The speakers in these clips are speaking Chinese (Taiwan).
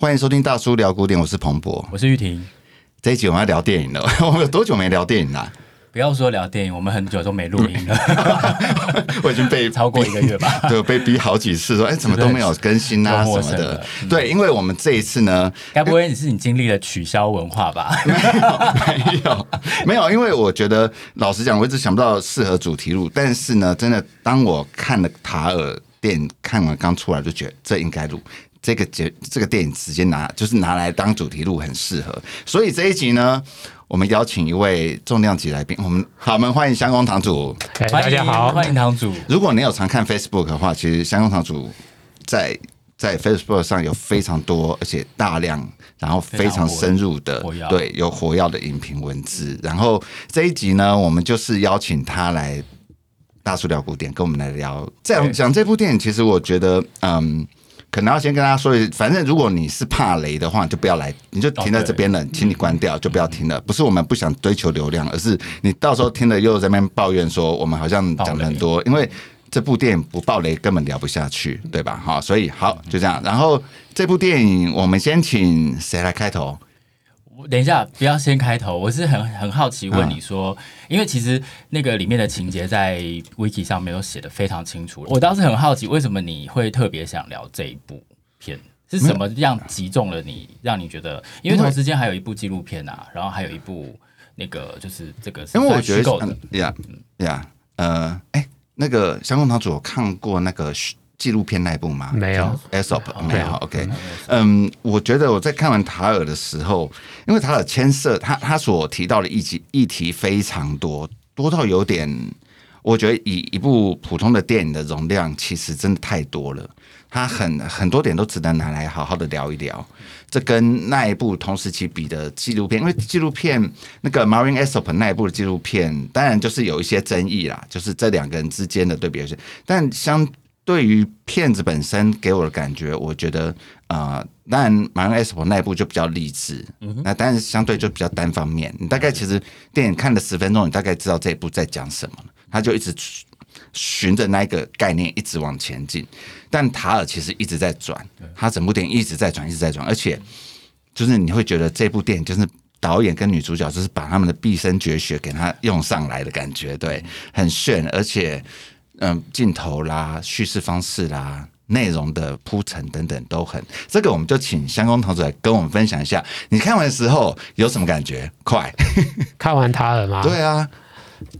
歡迎收聽大叔聊古典，我是彭博，我是玉婷。這一集我們要聊電影了，是 我們有多久沒聊電影了啊？不要說聊電影，我們很久都沒錄音了。嗯、 我已經被超過一個月吧？對，被逼好幾次說，哎、欸，怎麼都沒有更新啊對什麼的。對，嗯、因為我們這一次呢，該不會你是你經歷了取消文化吧？ 沒有，沒有，沒有。因為我覺得，老實講，我一直想不到適合主題錄，但是呢，真的，當我看了塔爾電影，看完剛出來就覺得這應該錄。這個節，這個電影直接拿就是拿來當主題錄很適合，所以這一集呢，我們邀請一位重量級來賓，我們好，我們歡迎香功堂主，大家好，歡迎堂主。如果你有常看 Facebook 的話，其實香功堂主在在 Facebook 上有非常多而且大量，然後非常深入的對有火藥，有藥的影評文字。然後這一集呢，我們就是邀請他來大叔聊古典，跟我們來聊講講這部電影。其實我覺得，對嗯。可能要先跟大家說，反正如果你是怕雷的話，就不要來，你就停在這邊了，oh, okay. 請你關掉，mm hmm. 就不要聽了。不是我們不想追求流量，而是你到時候聽了又在那邊抱怨說我們好像講了很多，暴雷。因為這部電影不爆雷根本聊不下去，對吧？好，mm，hmm. 所以好就這樣。然後這部電影，我們先請誰來開頭？等一下，不要先開頭。我是很很好奇問你說，啊、因為其實那個裡面的情節在 Wiki 上沒有寫的非常清楚。嗯、我當時很好奇，為什麼你會特別想聊這一部片？是什麼樣擊中了你，有讓你覺得？因為,因為同時間還有一部紀錄片啊，然後還有一部那個就是這個是，因為我覺得夠呀呀，嗯嗯、yeah, yeah, 呃，哎、欸，那個香功堂主有看過那個。紀錄片那一部嗎？沒有 Alsop 沒有。OK，嗯，我覺得我在看完塔爾的時候，因為塔爾牽涉，他他所提到的議題議題非常多多到有點，我覺得以一部普通的電影的容量，其實真的太多了。他很很多點都值得拿來好好的聊一聊。這跟那一部同時期比的紀錄片，因為紀錄片那個 Marin Alsop 那一部紀錄片，當然就是有一些爭議啦，就是這兩個人之間的對比是，但相。對於片子本身給我的感覺，我覺得，呃，當然馬雲艾斯那一部就比較勵志，那、嗯、哼但相對就比較單方面。你大概其實電影看了十分鐘，你大概知道這一部在講什麼。他就一直循，循着那一個概念一直往前進，但塔爾其實一直在轉，他整部電影一直在轉，一直在轉，而且就是你會覺得這部電影就是導演跟女主角就是把他們的畢生絕學給他用上來的感覺，對，很炫，而且。嗯，鏡頭啦、敘事方式啦、內容的鋪陳等等都很，這個我們就請香功堂主來跟我們分享一下，你看完的時候有什麼感覺？快 看完他了嗎？對啊。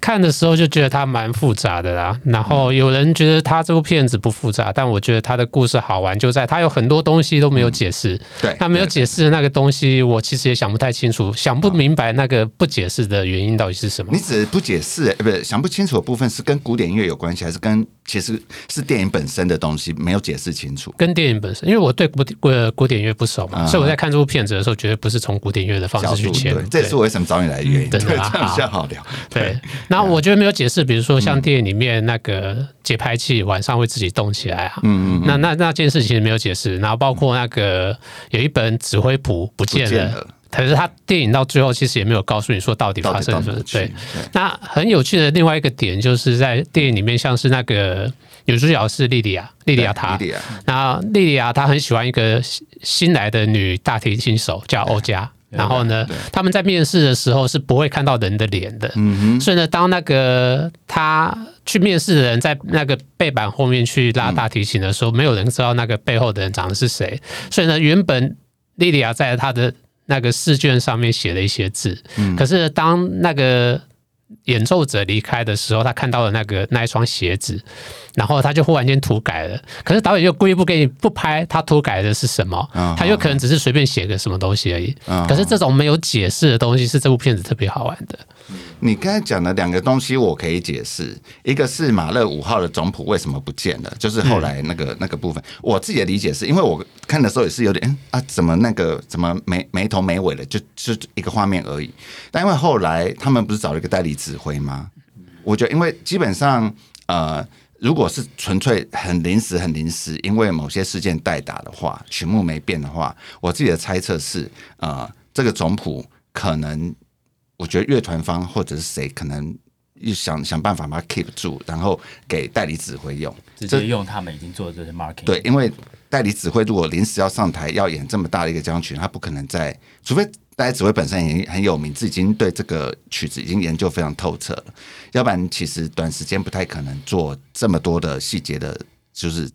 看的時候就覺得它蠻複雜的啦，然後有人覺得他這部片子不複雜，但我覺得他的故事好玩就在他有很多東西都沒有解釋。對，他沒有解釋的那個東西，我其實也想不太清楚，想不明白那個不解釋的原因到底是什麼？你只不解釋，不是想不清楚的部分是跟古典音樂有關係，還是跟其實是電影本身的東西沒有解釋清楚？跟電影本身，因為我對古呃古典音樂不熟嘛，所以我在看這部片子的時候，絕對不是從古典音樂的方式去切入。這次我為什麼找你來的原因，對，比較好聊，對。那我覺得沒有解釋，比如說像電影裡面那個節拍器晚上會自己動起來啊，嗯嗯嗯、那那那件事其實沒有解釋。然後包括那個有一本指揮譜不見了，見了，可是他電影到最後其實也沒有告訴你說到底發生了什麼。對，對那很有趣的另外一個點就是在電影裡面，像是那個女主角是莉莉亞，莉莉亞她，莉莉亞她很喜歡一個新來的女大提琴手叫歐佳。然後呢，他們在面試的時候是不會看到人的臉的，嗯、哼所以呢，當那個他去面試的人在那個背板後面去拉大提琴的時候，嗯、沒有人知道那個背後的人長得是誰。所以呢，原本莉莉亞在他的那個試卷上面寫了一些字，嗯、可是當那個演奏者離開的時候，他看到了那個那一雙鞋子。然後他就忽然間塗改了，可是導演又故意不給你不拍他塗改的是什麼？Oh、他又可能只是隨便寫個什麼東西而已。Oh、可是這種沒有解釋的東西是這部片子特別好玩的。你剛才講的兩個東西我可以解釋，一個是馬勒五號的總譜為什麼不見了，就是後來那個、嗯、那個部分。我自己的理解是因為我看的時候也是有點，哎、啊，怎麼那個怎麼沒沒頭沒尾的，就就是一個畫面而已。但因為後來他們不是找了一個代理指揮嗎？我覺得因為基本上呃。如果是純粹很臨時、很臨時，因為某些事件代打的話，曲目沒變的話，我自己的猜測是，呃，這個總譜可能，我覺得樂團方或者是誰可能又想想辦法把它 keep 住，然後給代理指揮用，直接用他們已經做的這些 marketing。對，因為代理指揮如果臨時要上台要演這麼大的一個交響曲，他不可能在，除非。大家指揮本身已經很有名，自己已經對這個曲子已經研究非常透徹了，要不然其實短時間不太可能做這麼多的細節的，就是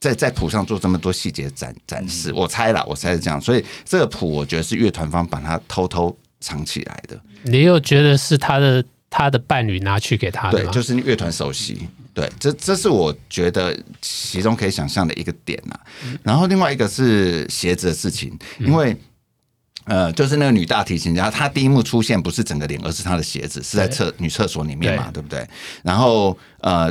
在在譜上做這麼多細節展展示。嗯、我猜啦，我猜是這樣，所以這個譜我覺得是樂團方把它偷偷藏起來的。你又覺得是他的他的伴侶拿去給他的？對，就是樂團首席。對，這這是我覺得其中可以想象的一個點啊。嗯、然後另外一個是鞋子的事情，因為、嗯。呃，就是那個女大提琴家，她第一幕出現不是整個臉，而是她的鞋子，是在廁女廁所裡面嘛，對，對不對？然後呃，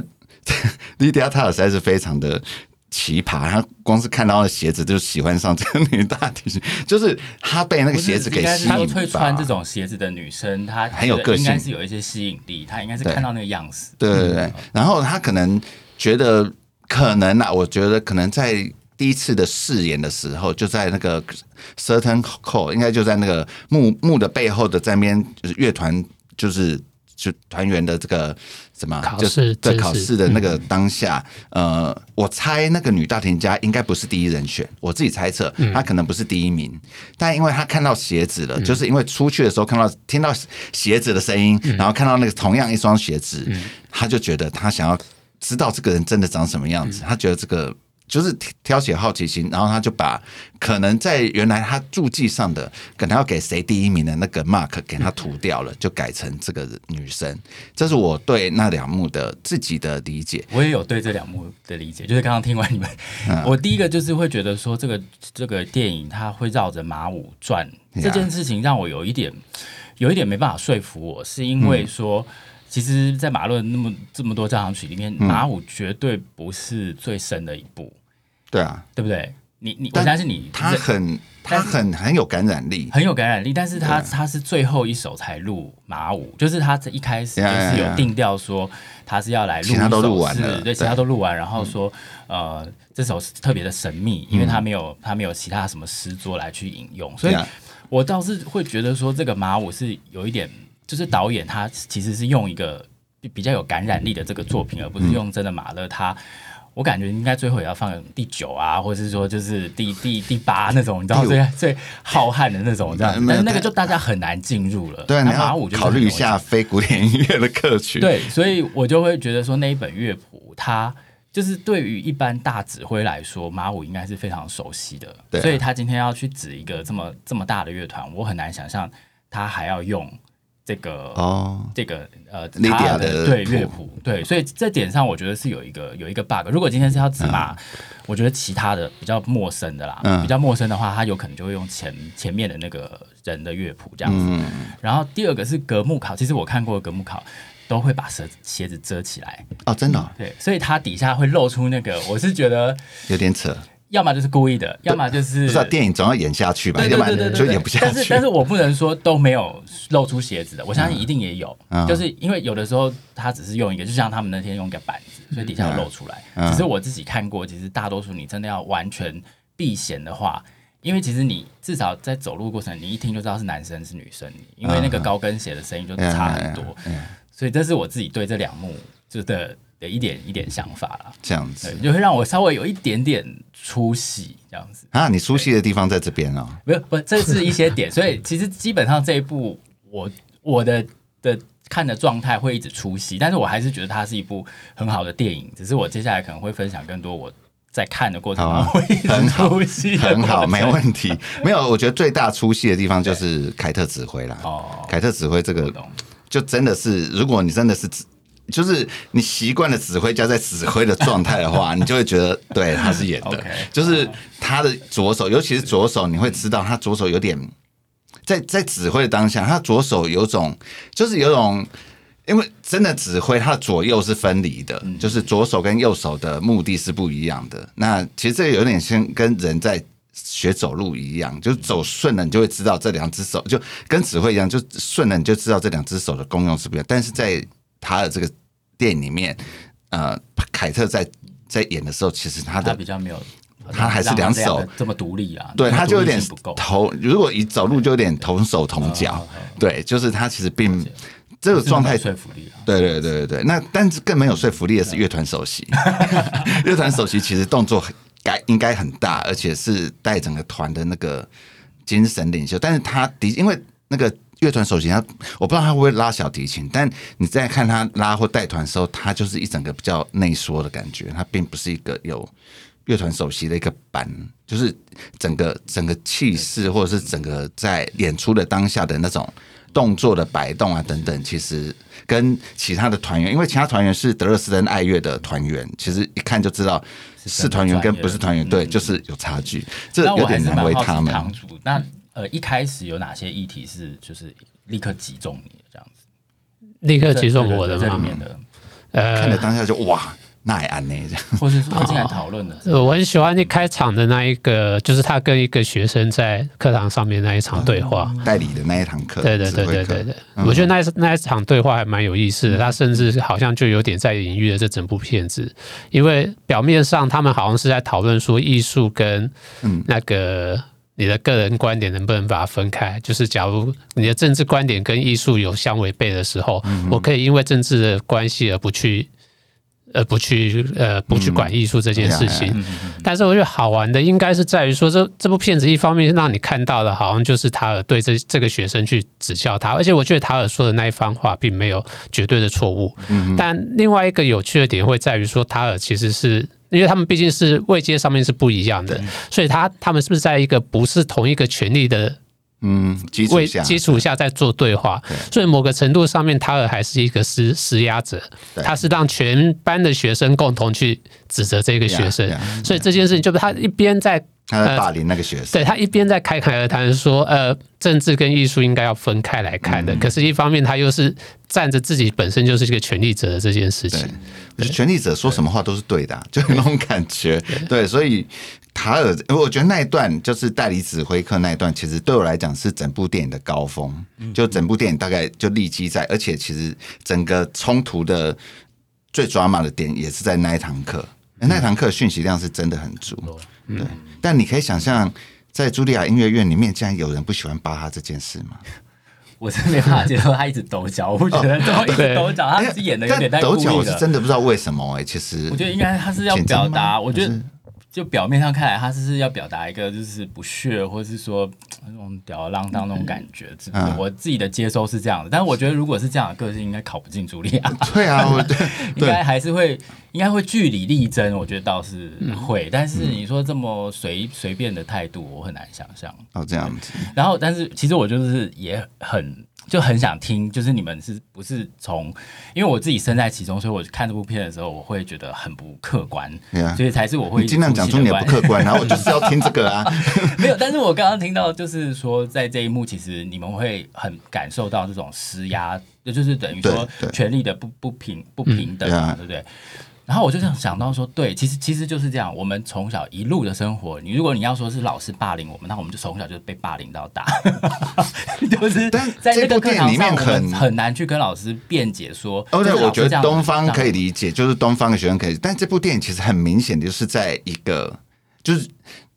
莉迪亞塔爾實在是非常的奇葩，她光是看到了鞋子就喜歡上這個女大提琴，就是她被那個鞋子給吸引吧，她會穿這種鞋子的女生，她很有個性，應該是有一些吸引力。她應該是看到那個樣子。對，對對對。然後她可能覺得可能啊，嗯、我覺得可能在。第一次的試演的時候，就在那個 Certain Call，應該就在那個幕幕的背後的在那邊，就是樂團，就是就團員的這個什麼，考試就在考試的那個當下，嗯、呃，我猜那個女大提家應該不是第一人選，我自己猜測，她可能不是第一名，嗯、但因為她看到鞋子了，嗯、就是因為出去的時候看到聽到鞋子的聲音，嗯、然後看到那個同樣一雙鞋子，嗯、她就覺得她想要知道這個人真的長什麼樣子，嗯、她覺得這個。就是挑起好奇心，然後他就把可能在原來他註記上的可能要給誰第一名的那個 mark 給他塗掉了， 就改成這個女生。這是我對那兩幕的自己的理解。我也有對這兩幕的理解，就是剛剛聽完你們，嗯、我第一個就是會覺得說，這個這個電影它會繞着馬五轉、嗯、這件事情，讓我有一點有一點沒辦法說服我，是因為說，嗯、其實，在馬論那麼這麼多交響曲裡面，馬五絕對不是最深的一部。對啊，對不對？你你，但是你他很他很很有感染力，很有感染力。但是他他是最後一首才錄馬五，就是他這一開始是有定調說他是要來錄，其他都錄完了，對，其他都錄完，然後說呃這首是特別的神秘，因為他沒有他沒有其他什麼詩作來去引用，所以我倒是會覺得說這個馬五是有一點，就是導演他其實是用一個比較有感染力的這個作品，而不是用真的馬勒他。我感覺應該最後也要放第九啊，或者是說就是第第第八那種，你知道最對最浩瀚的那種，這樣，那但那個就大家很難進入了。對，馬五、啊啊、考慮一下非古典音樂的客群。對，所以我就會覺得說那一本樂譜，它就是對於一般大指揮來說，馬五應該是非常熟悉的，對所以他今天要去指一個這麼這麼大的樂團，我很難想象他還要用。這個哦，這個呃，Lydia 的對樂譜。對，所以這點上我覺得是有一個有一個 bug。如果今天是要只拿，嗯、我覺得其他的比較陌生的啦，嗯、比較陌生的話，他有可能就會用前前面的那個人的樂譜這樣子。嗯、然後第二個是隔幕考，其實我看過隔幕考都會把鞋鞋子遮起來哦，真的、哦、對，所以他底下會露出那個，我是覺得有點扯。要麼就是故意的，對要麼就是不是、啊、電影總要演下去吧，對對對，要不然就演不下去。對對對對對但是，但是我不能說都沒有露出鞋子的，我相信一定也有。嗯、就是因為有的時候他只是用一個，就像他們那天用一個板子，所以底下有露出來。嗯、只是我自己看過，其實大多數你真的要完全避嫌的話，因為其實你至少在走路過程，你一聽就知道是男生是女生，因為那個高跟鞋的聲音就差很多。嗯嗯嗯嗯、所以，這是我自己對這兩幕就的，的一點一點想法啦，這樣子就會讓我稍微有一點點出戲，這樣子啊，你出戲的地方在這邊哦、喔，沒有不，不，這是一些點，所以其實基本上這一部我我的的看的狀態會一直出戲，但是我還是覺得它是一部很好的電影，只是我接下來可能會分享更多我在看的過程好啊，會一直出戲，很好，沒問題， 沒有，我覺得最大出戲的地方就是凱對特指揮啦。哦，凱特指揮這個懂就真的是，如果你真的是指。就是你習慣了指揮家在指揮的狀態的話，你就會覺得對，他是演的。就是他的左手，尤其是左手，你會知道他左手有點在在指揮的當下，他左手有種就是有種，因為真的指揮，他的左右是分離的，就是左手跟右手的目的是不一樣的。那其實這個有點像跟人在學走路一樣，就是走順了，你就會知道這兩只手就跟指揮一樣，就順了，你就知道這兩只手的功用是不一樣。但是在他的這個電影裡面，呃，凱特在在演的時候，其實他的他比較沒有，他還是兩手這，這麼獨立啊，對，他就有點頭，如果一走路就有點同手同腳，對，對，對，對，就是他其實並解這個狀態說服力，啊，對對對對對。那但是更沒有說服力的是樂團首席，樂團首席其實動作很該應該很大，而且是帶整個團的那個精神領袖，但是他的因為那個。樂團首席他，他我不知道他會不會拉小提琴，但你在看他拉或帶團的時候，他就是一整個比較內縮的感覺，他並不是一個有樂團首席的一個板，就是整個整個氣勢或者是整個在演出的當下的那種動作的擺動啊等等，其實跟其他的團員，因為其他團員是德勒斯登愛樂的團員，其實一看就知道是團員跟不是團員，對，就是有差距，嗯、這有點難為他們。呃，一開始有哪些議題是就是立刻擊中你這樣子？立刻擊中我的嗎、嗯、這裡面的，呃，看了當下就哇，那也安呢這樣呢，或 是說進來討論的。我很喜歡一開場的那一個，就是他跟一個學生在課堂上面那一場對話，嗯、代理的那一堂課。嗯、對對對對對對，嗯、我覺得那那一場對話還蠻有意思的。嗯、他甚至好像就有點在隱喻了這整部片子，因為表面上他們好像是在討論說藝術跟嗯那個。嗯你的個人觀點能不能把它分開？就是假如你的政治觀點跟藝術有相違背的時候，我可以因為政治的關係而不去，不去，呃，不去管藝術這件事情。但是我覺得好玩的應該是在於說，這這部片子一方面讓你看到了，好像就是塔爾對這這個學生去指教他，而且我覺得塔爾說的那一番話並沒有絕對的錯誤。但另外一個有趣的點會在於說，塔爾其實是。因為他們畢竟是位階上面是不一樣的，對所以他他們是不是在一個不是同一個權力的嗯基礎下基礎下在做對話？對所以某個程度上面，他還是一個施施壓者，對他是讓全班的學生共同去指責這個學生，對所以這件事情就是他一邊在。他在霸凌那個學生，呃、對他一邊在侃侃而談說，呃，政治跟藝術應該要分開來看的。嗯，嗯，可是，一方面他又是站着自己本身就是一個權力者的這件事情，權力者說什麼話都是對的，啊，對就有那種感覺。對，對，對，所以塔爾，我覺得那一段就是代理指揮課那一段，其實對我來講是整部電影的高峰。就整部電影大概就立基在，而且其實整個衝突的最抓馬的點也是在那一堂課。欸、那堂課訊息量是真的很足，嗯、對。但你可以想象，在茱莉亞音樂院裡面，竟然有人不喜歡巴哈這件事嗎？我真沒辦法接受他一直抖腳，的我不覺得他一直抖腳，哦、他直演的有點的、欸、抖腳我是真的不知道為什麼哎、欸，其實我覺得應該他是要表達，我覺得。就表面上看來，他是是要表達一個就是不屑，或者是說那種吊兒郎當那種感覺，嗯、只不過我自己的接收是這樣的。但我覺得，如果是這樣的個性，應該考不進茱莉亞、嗯。對啊，我對應該還是會，應該會據理力爭。我覺得倒是會，嗯、但是你說這麼隨隨、嗯、便的態度，我很難想象。哦，這樣子。然後，但是其實我就是也很。就很想聽，就是你們是不是從？因為我自己身在其中，所以我看這部片的時候，我會覺得很不客觀。對啊，所以才是我會盡量講重點，不客觀。 然後我就是要聽這個啊， 沒有。但是我剛剛聽到，就是說在這一幕，其實你們會很感受到這種施壓，就是等於說權力的不對不平不平等，嗯、對不對？Yeah. 然後我就這樣想到說，對，其實其實就是這樣。我們從小一路的生活，你如果你要說是老師霸凌我們，那我們就從小就被霸凌到大， 就是。但在這部電影裡面很，很很難去跟老師辯解說。哦，對，我覺得東方可以，可以理解，就是東方的學生可以。但這部電影其實很明顯的就是在一個，就是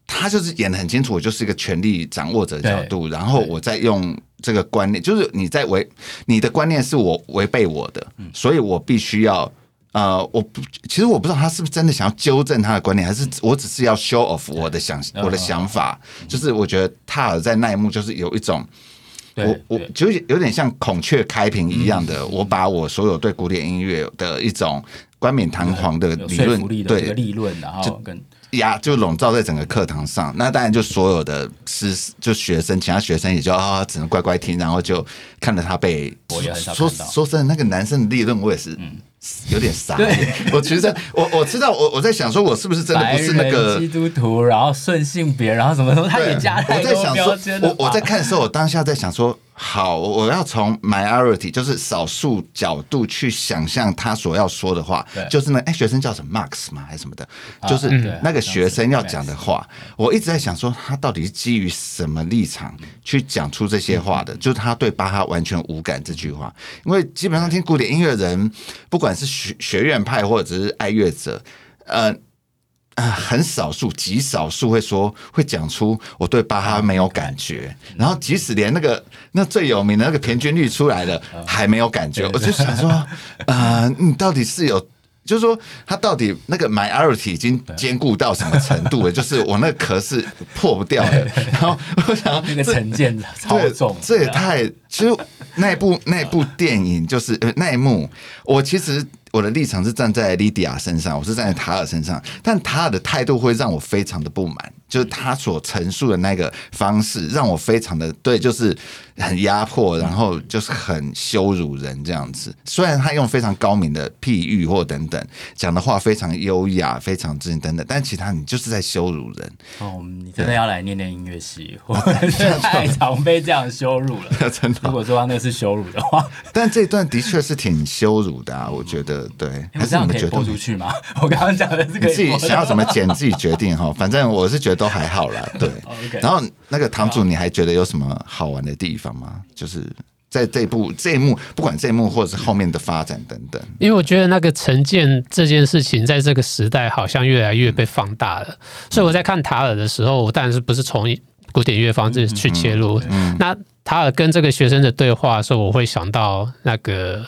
他就是演得很清楚，我就是一個權力掌握者角度，對然後我在用這個觀念，就是你在違你的觀念是我違背我的，嗯、所以我必須要。呃，我不，其實我不知道他是不是真的想要糾正他的觀點，還是我只是要 show off 我的想對我的想法，嗯、就是我覺得塔爾在那一幕就是有一種，對我我就有點像孔雀開屏一樣的，嗯、我把我所有對古典音樂的一種冠冕堂皇的理論，對，理論對，然後跟壓就籠、yeah, 罩在整個課堂上。那當然就所有的師就學生，其他學生也就啊、哦、只能乖乖聽，然後就看着他被說說，說真的，那個男生的理論，我也是、嗯有點傻，對 我其實我我知道我我在想說，我是不是真的不是那個基督徒，然後順性別，然後什麼什麼，他也加太多標籤了。我在想說，我我在看的時候，我當下在想說。好，我要從 minority 就是少數角度去想象他所要說的話，對就是那哎、個欸、學生叫什麼 Max 嘛還是什麼的，好就是那個學生要講的話，我一直在想說他到底是基於什麼立場去講出這些話的，嗯、就是他對巴哈完全無感這句話，因為基本上聽古典音樂人，不管是學學院派或者是愛樂者，呃。啊，很少數，極少數會說、會講出我對巴哈沒有感覺，然後即使連那個那最有名的那個平均律出來了，還沒有感覺，我就想說，呃，你到底是有，就是說他到底那個 my a l e r y 已經兼顧到什麼程度了？就是我那個殼是破不掉的。然後我想要那個成見的，對，這也太，其實那部那部電影就是那一幕，我其實。我的立場是站在莉迪亞身上，我是站在塔爾身上，但塔爾的態度會讓我非常的不滿。就是他所陳述的那個方式，讓我非常的對，就是很壓迫，然後就是很羞辱人這樣子。雖然他用非常高明的譬喻或等等講的話，非常優雅，非常之等等，但其他你就是在羞辱人。哦，你真的要來念念音樂系？對我真的太常被這樣羞辱了。 的如果說那是羞辱的話， 但這一段的確是挺羞辱的，啊，我覺得。對，欸、這樣可以播出去嗎？ 我剛剛講的這個，自己想要怎麼剪 自己決定哈。反正我是覺得。都還好啦，對。然後那個堂主，你還覺得有什麼好玩的地方嗎？就是在這一部這一幕，不管這一幕或者是後面的發展等等。因為我覺得那個成見這件事情，在這個時代好像越來越被放大了。嗯、所以我在看塔爾的時候，我當然是不是從古典樂方式去切入。嗯嗯、那塔爾跟這個學生的對話的時候我會想到那個。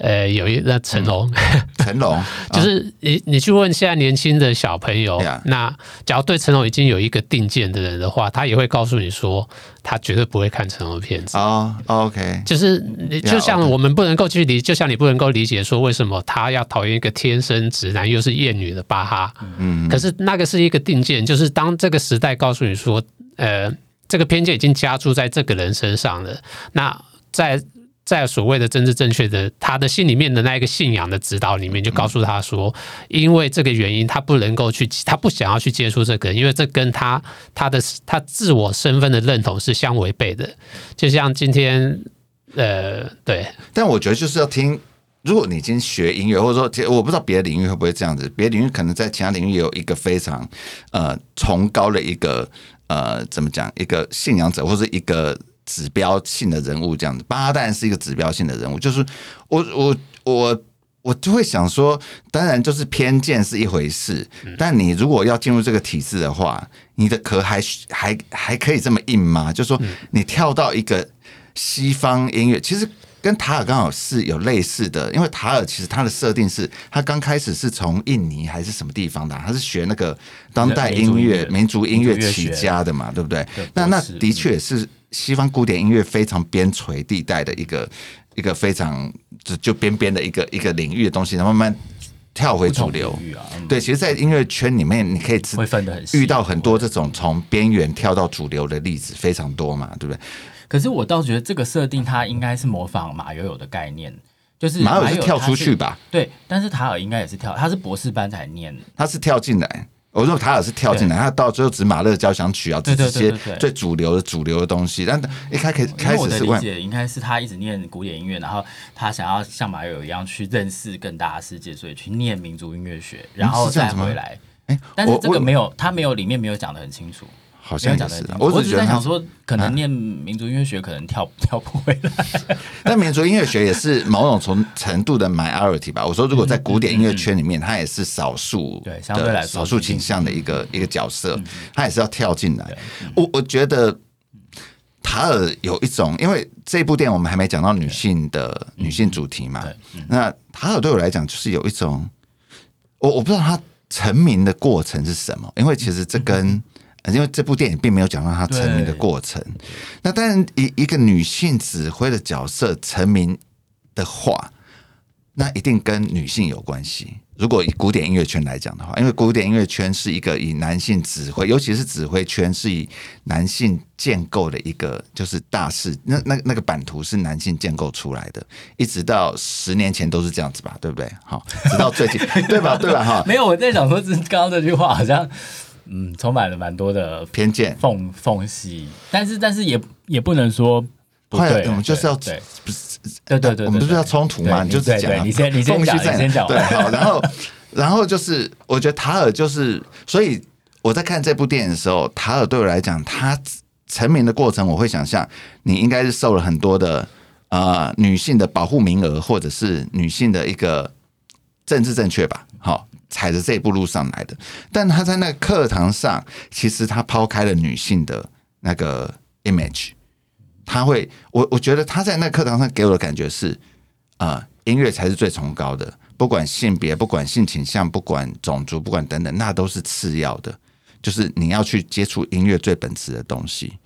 呃，有一那成龍、嗯，成龍 就是你，你去問現在年輕的小朋友，哦、那假如對成龍已經有一個定見的人的話，他也會告訴你說，他絕對不會看成龍片子。哦、okay，就是你、嗯、就像我們不能夠去理，嗯、就像你不能夠理解說，為什麼他要討厭一個天生直男又是厭女的巴哈。嗯，可是那個是一個定見，就是當這個時代告訴你說，呃，這個偏見已經加注在這個人身上了，那在。在所謂的政治正確的他的心裡面的那一個信仰的指導裡面，就告訴他說，因為這個原因，他不能夠去，他不想要去接觸這個，因為這跟他他的他自我身份的認同是相違背的。就像今天，呃，對。但我覺得就是要聽，如果你已經學音樂，或者說我不知道別的領域會不會這樣子，別的領域可能在其他領域也有一個非常呃崇高的一個呃怎麼講一個信仰者，或者一個。指標性的人物這樣子，巴旦是一個指標性的人物，就是我我我我就會想說，當然就是偏見是一回事，嗯、但你如果要進入這個體制的話，你的殼還還還可以這麼硬嗎？就是、說你跳到一個西方音樂，嗯、其實跟塔爾剛好是有類似的，因為塔爾其實他的設定是，他剛開始是從印尼還是什麼地方的、啊，他是學那個當代音樂、民族音樂起家的嘛，對不對？那那的確是。嗯西方古典音樂非常邊陲地帶的一個一個非常就就邊邊的一個一個領域的東西，然後慢慢跳回主流、啊、對，嗯、其實，在音樂圈裡面，你可以會分得很細，遇到很多這種從邊緣跳到主流的例子非常多嘛，對不對？可是我倒覺得這個設定，它應該是模仿馬友友的概念，就是馬友友是馬友友跳出去吧。對，但是塔爾應該也是跳，他是博士班才念，嗯、他是跳進來。我說他也是跳進來，對他到最後只馬勒交響曲啊，只這些最主流的主流的東西。但一開開始的理解，應該是他一直念古典音樂，嗯、然後他想要像馬友友一樣去認識更大的世界，所以去念民族音樂學，然後再回來。哎，但是這個沒有，他沒有裡面沒有講得很清楚。好像也是啊，我只在想說，可能念民族音樂學，可能跳跳不回來 但民族音樂學也是某種程度的 minority 吧。我說，如果在古典音樂圈裡面，它也是少數，對，相對來說少數傾向的一個一個角色，它也是要跳進來。我我覺得塔爾有一種，因為這部電影我們還沒講到女性的女性主題嘛。那塔爾對我來講，就是有一種，我我不知道他成名的過程是什麼，因為其實這跟。因為這部電影並沒有講到她成名的過程。對那當然，以一個女性指揮的角色成名的話，那一定跟女性有關係。如果以古典音樂圈來講的話，因為古典音樂圈是一個以男性指揮，尤其是指揮圈是以男性建構的一個就是大勢。那那那個版圖是男性建構出來的，一直到十年前都是這樣子吧？對不對？好，直到最近， 對吧？對吧？哈， 沒有，我在想說，是剛剛這句話好像。嗯，充滿了蠻多的偏見縫縫隙，但是但是也也不能說不對，我們、嗯對嗯、就是要對，對對對對不是，對，是對對我們不是要衝突嘛，就是講你先你先講，你先講，對好，然後 然後就是我覺得塔爾就是，所以我在看這部電影的時候，塔爾對我來講，他成名的過程，我會想象你應該是受了很多的呃女性的保護名額，或者是女性的一個政治正確吧。踩着這一步路上來的，但他在那個課堂上，其實他拋開了女性的那個 image，他會，我我覺得他在那課堂上給我的感覺是，啊、呃，音樂才是最崇高的，不管性別，不管性傾向，不管種族，不管等等，那都是次要的，就是你要去接觸音樂最本質的東西。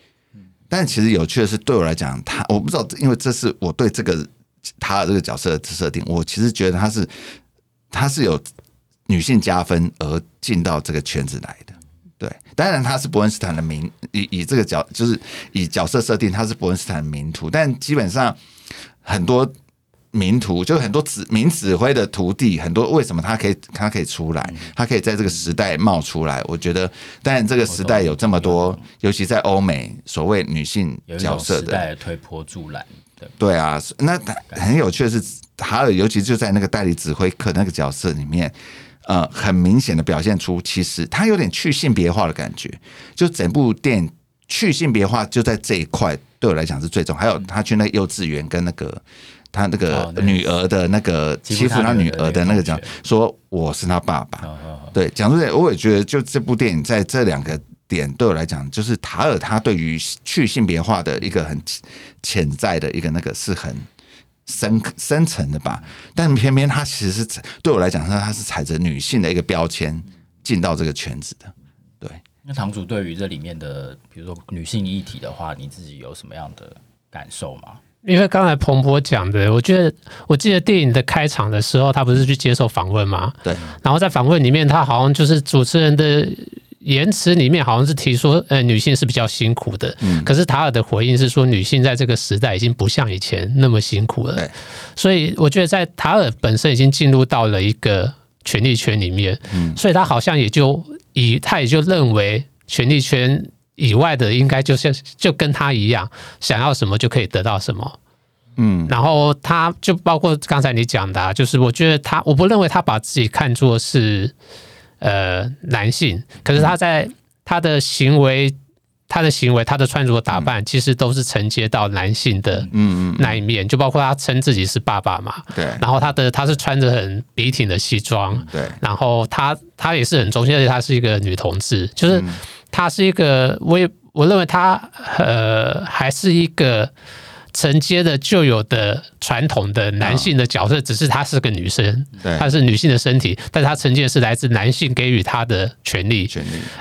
但其實有趣的是，對我來講，他我不知道，因為這是我對這個他的這個角色的設定，我其實覺得他是，他是有。女性加分而進到這個圈子來的，對，當然她是伯恩斯坦的名以以這個角就是以角色設定，她是伯恩斯坦的名徒，但基本上很多名徒就很多知名指揮的徒弟，很多為什麼他可以他可以出來，他可以在這個時代冒出來？我覺得，但這個時代有這麼多，尤其在歐美，所謂女性角色的、的推波助瀾，對對啊，那很有趣的是，塔爾，尤其就在那個代理指揮課那個角色裡面。呃，很明顯的表現出，其實他有點去性別化的感覺，就整部電影去性別化就在這一塊，對我來講是最重。還有他去那幼稚園跟那個他那個女兒的那個、哦、欺負他女兒的那個講說我是他爸爸，哦哦、對。講出來我也覺得就這部電影在這兩個點對我來講，就是塔爾他對於去性別化的一個很潛在的一個那個是很深深層的吧，但偏偏她其實是對我來講，她是踩着女性的一個標籤進到這個圈子的。對，那堂主對於這裡面的，比如說女性議題的話，你自己有什麼樣的感受嗎？因為剛才彭博講的，我覺得我記得電影的開場的時候，他不是去接受訪問嗎？對，然後在訪問裡面，他好像就是主持人的。言辭裡面好像是提說，呃，女性是比較辛苦的。嗯。可是塔爾的回應是說，女性在這個時代已經不像以前那麼辛苦了。對。所以我覺得，在塔爾本身已經進入到了一個權力圈裡面。嗯。所以他好像也就以，他也就認為權力圈以外的應該就像就跟他一樣，想要什麼就可以得到什麼。嗯。然後他就包括剛才你講的啊，就是我覺得他，我不認為他把自己看作是。呃，男性，可是他在他的行為、嗯、他的行為、他的穿着打扮，嗯、其實都是承接到男性的那一面，嗯嗯、就包括他稱自己是爸爸嘛。對，然後他的他是穿着很筆挺的西裝，對，然後他他也是很中性，而且他是一個女同志，就是他是一個，嗯、我也我認為他呃還是一個。承接的舊有的傳統的男性的角色，只是她是個女生，她是女性的身體，但她承接的是來自男性給予她的權力，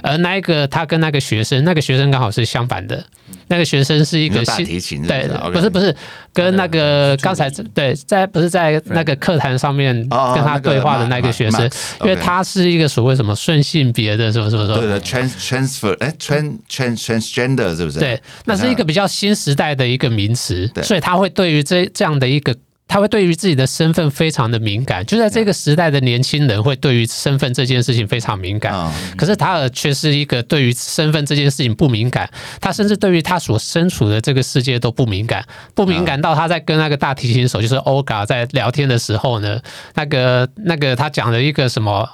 而那一個她跟那個學生，那個學生剛好是相反的。那個學生是一個性，提琴是是對，不是不是，跟那個剛才對在不是在那個課堂上面跟他對話的那個學生，哦哦那個、因為他是一個所謂什麼順性別的 Max, okay. 是不是？對的，trans transfer，哎誒，trans trans transgender 是不是？對，那是一個比較新時代的一個名詞，對所以他會對於這這樣的一個。他會對於自己的身份非常的敏感，就在這個時代的年輕人會對於身份這件事情非常敏感。Yeah. 可是塔爾卻是一個對於身份這件事情不敏感，他甚至對於他所身處的這個世界都不敏感，不敏感到他在跟那個大提琴手就是 Olga 在聊天的時候呢，Yeah. 那個那個他講了一個什麼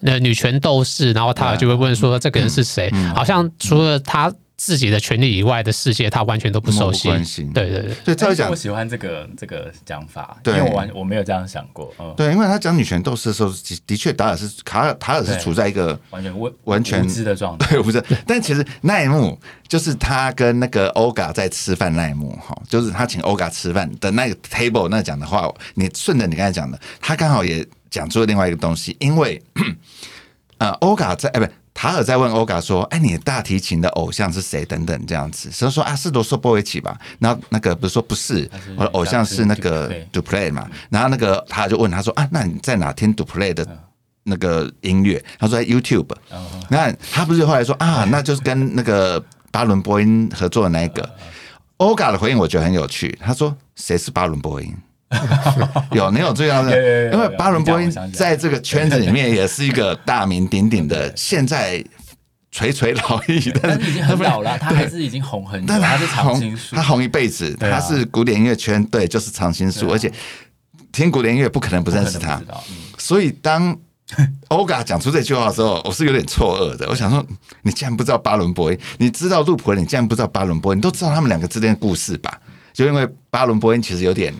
那、呃、女權鬥士，然後塔爾就會問說，這個人是誰？Yeah. 好像除了他。自己的權利以外的世界，他完全都不熟心，關心。對對對，所以我喜歡這個這個講法，對，因為我完我沒有這樣想過。嗯對，哦、對，因為他講女權鬥士的時候，的的確塔爾是塔爾，塔爾是處在一個完全完完全無知的狀態。對，不知。對但其實那一幕就是他跟那個歐嘎在吃飯那一幕哈，對就是他請歐嘎吃飯的那個 table 那講的話，你順着你剛才講的，他剛好也講出了另外一個東西，因為 呃，歐嘎在哎、欸、不。塔爾在問歐嘎說：“哎，你的大提琴的偶像是誰？等等，這樣子。”所以說啊，是羅斯托羅波維奇吧。然後那個不是說不是，我的偶像是那個杜普蕾嘛。然後那個塔爾就問他說：“啊，那你在哪聽杜普蕾的那個音樂？”他說：“在 YouTube。” Uh-huh. 那他不是後來說：“啊，那就是跟那個巴倫波音合作的那一個。” Uh-huh. 歐嘎的回應我覺得很有趣。他說：“誰是巴倫波音？” 有，你有注意到？Yeah, yeah, yeah, 因為巴倫波因在這個圈子裡面也是一個大名鼎鼎的，現在垂垂老矣的， 已經很老了，對他還是已經紅很久，但他紅，他是長青樹，他紅一輩子，啊、他是古典音樂圈對，就是長青樹，啊、而且聽古典音樂不可能不認識他。嗯、所以當 Oga 講出這句話的時候，我是有點錯愕的， 我想說，你竟然不知道巴倫波因？你知道陸普人，你竟然不知道巴倫波因？你都知道他們兩個之間的故事吧？就因為巴倫波因其實有點。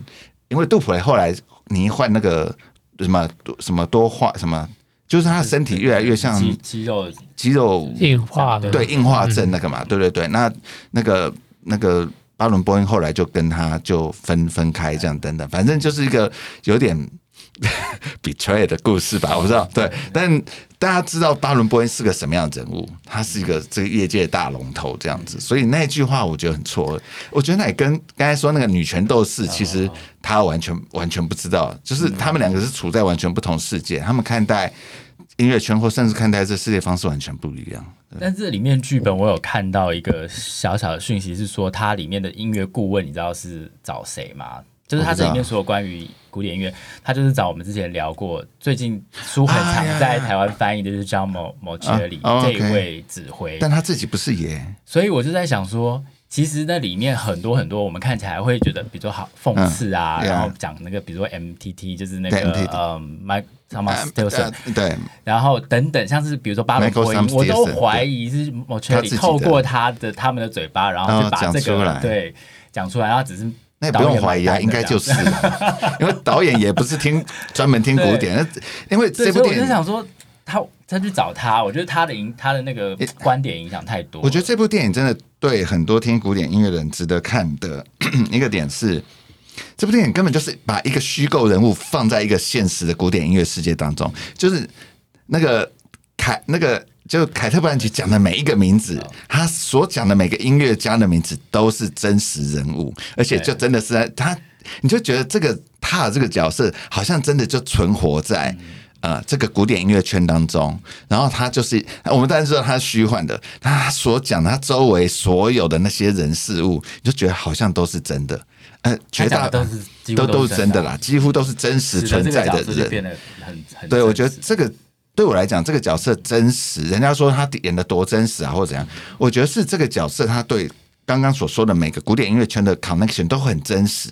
因為杜普蕾後來，你一換那個什麼什麼多化什麼，就是他身體越來越像肌肉肌肉，肌肉硬化的對硬化症那個嘛，嗯、對對對，那那個那個巴倫波因後來就跟他就分分開這樣等等，反正就是一個有點。 Betray 的故事吧，我不知道。對，但大家知道巴倫波恩是個什麼樣的人物？他是一個這個業界的大龍頭這樣子，所以那句話我覺得很錯愕。我覺得那也跟剛才說那個女權鬥士，其實他完全完全不知道，就是他們兩個是處在完全不同世界，嗯、他們看待音樂圈或甚至看待這世界方式完全不一樣。但這裡面劇本我有看到一個小小的訊息，是說它裡面的音樂顧問，你知道是找誰嗎？就是他這裡面所有關於古典音樂，他就是找我們之前聊過，最近書很長，在台灣翻譯的就是叫某某杰里這一位指揮，但他自己不是耶。所以我就在想說，其實那裡面很多很多，我們看起來會覺得比較好諷刺啊，然後講那個，比如說 M T T，就是那個嗯 Michael Tilson Thomas 對，然後等等，像是比如說巴倫博伊姆，我都懷疑是某某杰里透過他的他們的嘴巴，然後去把這個對講出來，然後只是。那也不用懷疑啊，應該就是了，因為導演也不是聽專門聽古典，對因為這部電影我就想說，他他去找他，我覺得他的影他的那個觀點影響太多。我覺得這部電影真的對很多聽古典音樂的人值得看的一個點是，這部電影根本就是把一個虛構人物放在一個現實的古典音樂世界當中，就是那個。凱那個就凱特布蘭琪講的每一個名字，哦、他所講的每個音樂家的名字都是真實人物，而且就真的是他，對他你就覺得這個他的這個角色好像真的就存活在、嗯、呃這個古典音樂圈當中。然後他就是我們當然知道他是虛幻的，他所講他周圍所有的那些人事物，你就覺得好像都是真的，呃，絕大都是都都是真實、啊、都都真的啦，幾乎都是真實存在的人。對，我覺得這個。對我來講，這個角色真實。人家說他演得多真實啊，或者怎樣？我覺得是這個角色，他對剛剛所說的每個古典音樂圈的 connection 都很真實，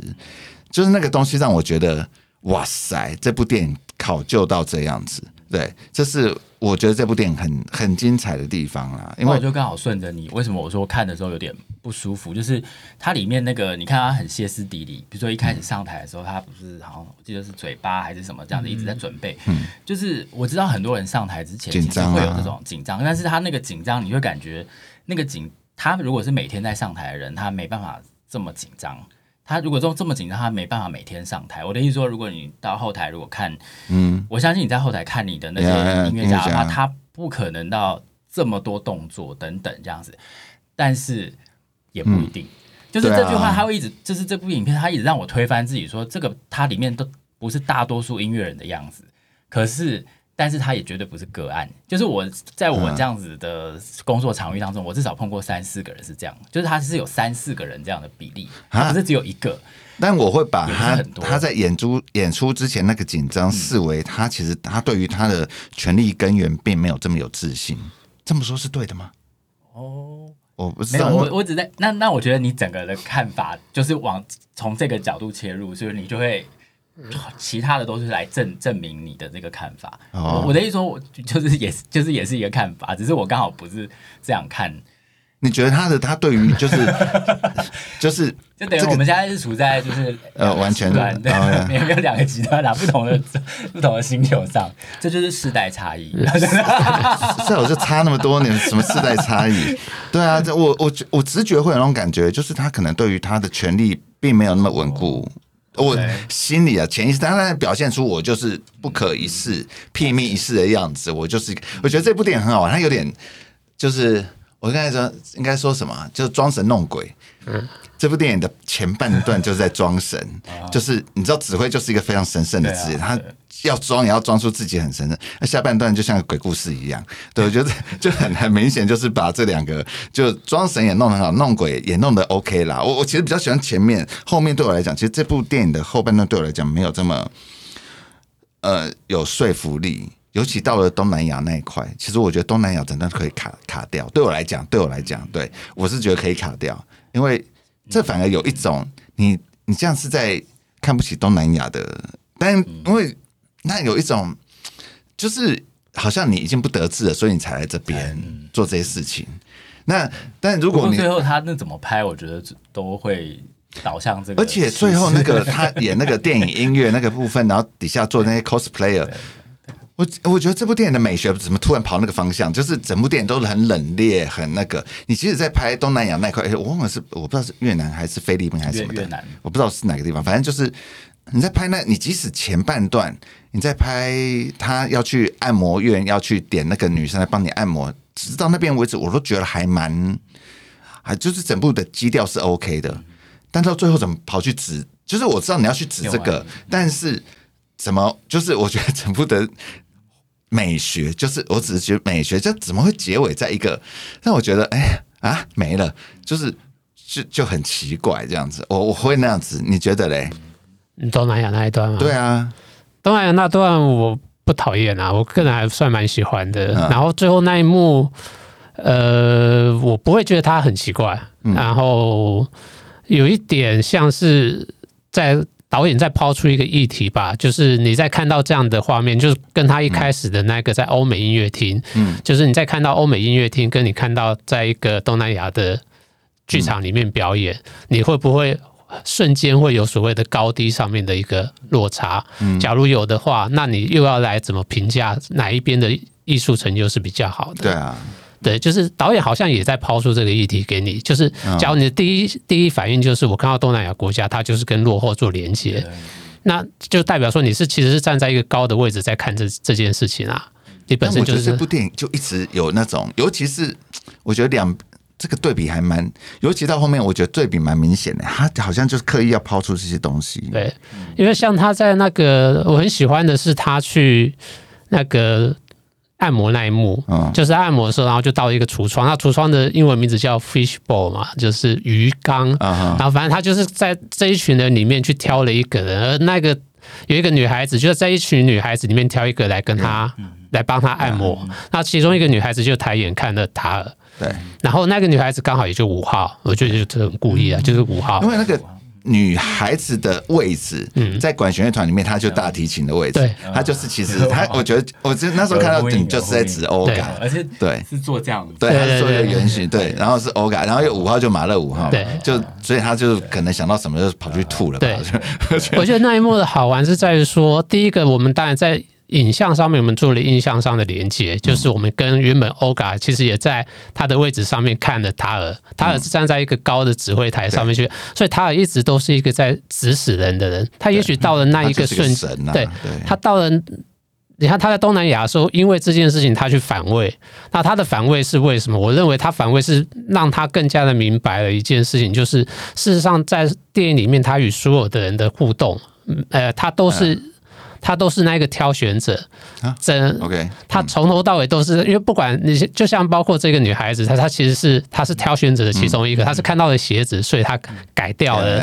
就是那個東西讓我覺得，哇塞，這部電影考究到這樣子。對，這是我覺得這部電影很很精彩的地方啦。因為，因為我就剛好順着你，為什麼我說我看的時候有點不舒服？就是它裡面那個，你看他很歇斯底里，比如說一開始上台的時候，他、嗯、不是好像，然後我記得是嘴巴還是什麼這樣子，嗯、一直在準備。嗯、就是我知道很多人上台之前其實會有這種緊張，緊張啊、但是他那個緊張，你會感覺那個緊，他如果是每天在上台的人，他沒辦法這麼緊張。他如果都這麼緊張，他沒辦法每天上台。我的意思說，如果你到後台，如果看，嗯，我相信你在後台看你的那些音樂家的話，嗯嗯嗯、他不可能到這麼多動作等等這樣子。但是也不一定，嗯、就是這句話，啊、他會一直就是這部影片，他一直讓我推翻自己說，說這個它裡面都不是大多數音樂人的樣子，可是。但是他也絕對不是個案，就是我在我這樣子的工作場域當中，啊、我至少碰過三四個人是這樣，就是他是有三四個人這樣的比例可哈是只有一個。但我會把他很多他在演出演出之前那個緊張，視為、嗯、他其實他對於他的權力根源並沒有這麼有自信。這麼說是對的嗎？哦，我不知道，我我只在那那我覺得你整個的看法就是往從 這個角度切入，所以你就會。其他的都是來證證明你的這個看法。哦、我的意思說，我就是也是就是也是一個看法，只是我剛好不是這樣看。你覺得他的他對於就是 就是就等於我們現在是處在就是個呃完全對，哦嗯、有沒有兩個極端啦，不同的 不同的星球上，這就是世代差異是。 所以我就差那麼多年，什麼世代差異？ 對啊，我我我直覺會有那種感覺，就是他可能對於他的權力並沒有那麼穩固。哦我心裡啊，潛意識當然表現出我就是不可一世、睥睨一世的樣子。我就是，我覺得這部電影很好玩，它有點就是，我剛才說應該說什麼，就是裝神弄鬼。嗯這部電影的前半段就是在裝神， 就是你知道，指揮就是一個非常神聖的職業， 啊、他要裝也要裝出自己很神聖。那下半段就像鬼故事一樣，對，我覺得就很很明顯，就是把這兩個就裝神也弄得很好，弄鬼也弄得 OK 啦。我我其實比較喜歡前面，後面對我來講，其實這部電影的後半段對我來講沒有這麼呃有說服力。尤其到了東南亞那一塊，其實我覺得東南亞整段可以卡卡掉。對我來講，對我來講，對，我，對我是覺得可以卡掉，因為。這反而有一種你你這樣是在看不起東南亞的，但因為那有一種，就是好像你已經不得志了，所以你才來這邊做這些事情。嗯、那但如果你最後他那怎麼拍，我覺得都會導向這個。而且最後那個他演那個電影音樂那個部分， 然後底下做那些 cosplayer。我我覺得這部電影的美學怎麼突然跑那個方向？就是整部電影都是很冷冽，很那個。你即使在拍東南亞那塊，誒、欸，我忘了是我不知道是越南還是菲律賓還是什麼的，越南，我不知道是哪個地方。反正就是你在拍那，你即使前半段你在拍他要去按摩院，要去點那個女生來幫你按摩，直到那邊為止，我都覺得還蠻，還就是整部的基調是 OK 的。但到最後怎麼跑去指？就是我知道你要去指這個，嗯、但是怎麼就是我覺得整部的。美學就是，我只是覺得美學，這怎麼會結尾在一個？但我覺得，哎、欸、啊，沒了，就是就就很奇怪這樣子。我我會那樣子，你覺得嘞？你東南亞那一段嗎？對啊，東南亞那段我不討厭啊，我個人還算蠻喜歡的。嗯、然後最後那一幕，呃，我不會覺得它很奇怪。然後有一點像是在。導演再拋出一個議題吧，就是你在看到這樣的畫面，就是跟他一開始的那個在歐美音樂廳，嗯，就是你在看到歐美音樂廳，跟你看到在一個東南亞的劇場裡面表演，嗯，你會不會瞬間會有所謂的高低上面的一個落差？嗯，假如有的話，那你又要來怎麼評價哪一邊的藝術成就是比較好的？對啊。對，就是導演好像也在拋出這個議題給你。就是，假如你的第一第一反應就是我看到東南亞國家，它就是跟落後做連接，對那就代表說你是其實是站在一個高的位置在看這這件事情啊。你本身就是這部電影就一直有那種，尤其是我覺得兩這個對比還蠻，尤其到後面我覺得對比蠻明顯的，他好像就是刻意要拋出這些東西。對，因為像他在那個我很喜歡的是他去那個。按摩那一幕，就是按摩的時候，然後就到一個櫥窗，那櫥窗的英文名字叫 fishbowl 嘛，就是魚缸。然後反正他就是在這一群人裡面去挑了一個人，而那個有一個女孩子，就是在一群女孩子裡面挑一個來跟他、嗯、來幫他按摩。嗯、那其中一個女孩子就抬眼看了他了，對。然後那個女孩子剛好也就五號，我覺得就很故意啊，嗯、就是五號，因為那個。女孩子的位置，在管弦樂團裡面，她就大提琴的位置，嗯、她就是其實，她我覺得，我就那時候看到你、呃嗯、就是在指、o、Oga、呃、而且對是做這樣的，對，做一個圓形，對，然後是 Oga，然後又五號就馬勒五號，對，對，對，對就，就所以他就可能想到什麼就跑去吐了吧。我覺得那一幕的好玩是在於說，第一個我們當然在。影像上面，我們做了印象上的連接，就是我們跟原本 Oga 其實也在他的位置上面看着塔爾，嗯、塔爾是站在一個高的指揮台上面去，對所以塔爾一直都是一個在指使人的人。對他也許到了那一個瞬間，他啊、對，對他到了，你看他在東南亞的時候，因為這件事情他去反胃，那他的反胃是為什麼？我認為他反胃是讓他更加的明白了一件事情，就是事實上在電影裡面，他與所有的人的互動，呃，他都是。嗯他都是那一個挑選者，真 OK，他從頭到尾都是，因為不管你就像包括這個女孩子，她她其實是她是挑選者的其中一個，她是看到了鞋子，所以她改掉了。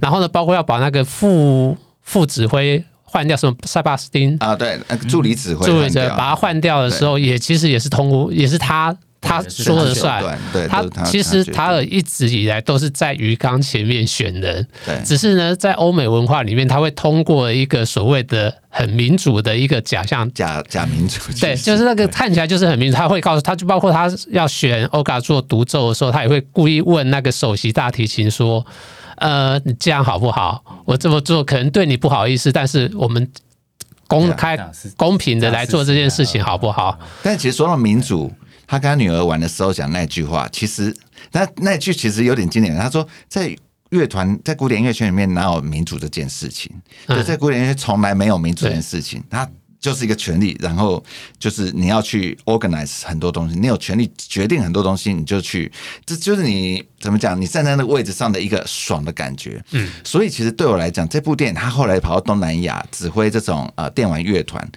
然後呢，包括要把那個副副指揮換掉，什麼塞巴斯汀啊，對，那個助理指揮，助理指揮把他換掉的時候，也其實也是通過，也是他。他說了算，對，他，對，他其實塔爾一直以來都是在魚缸前面選人，對只是呢，在歐美文化裡面，他會通過一個所謂的很民主的一個假象，假假民主。對，就是那個看起來就是很民主，他會告訴他就包括他要選 Oga 做獨奏的時候，他也會故意問那個首席大提琴說：“呃，你這樣好不好？我這麼做可能對你不好意思，但是我們公開公平的來做這件事情，好不好？”是。對對對對，但其實說到民主。嗯他跟他女兒玩的時候講那句話，其實那那句其實有點經典。他說，在樂團，在古典音樂圈裡面，哪有民主這件事情？嗯、就在古典音樂圈從來沒有民主這件事情，它對就是一個權力。然後就是你要去 organize 很多東西，你有權力決定很多東西，你就去。這就是你怎麼講，你站在那個位置上的一個爽的感覺。嗯，所以其實對我來講，這部電影它後來跑到東南亞指揮這種呃電玩樂團。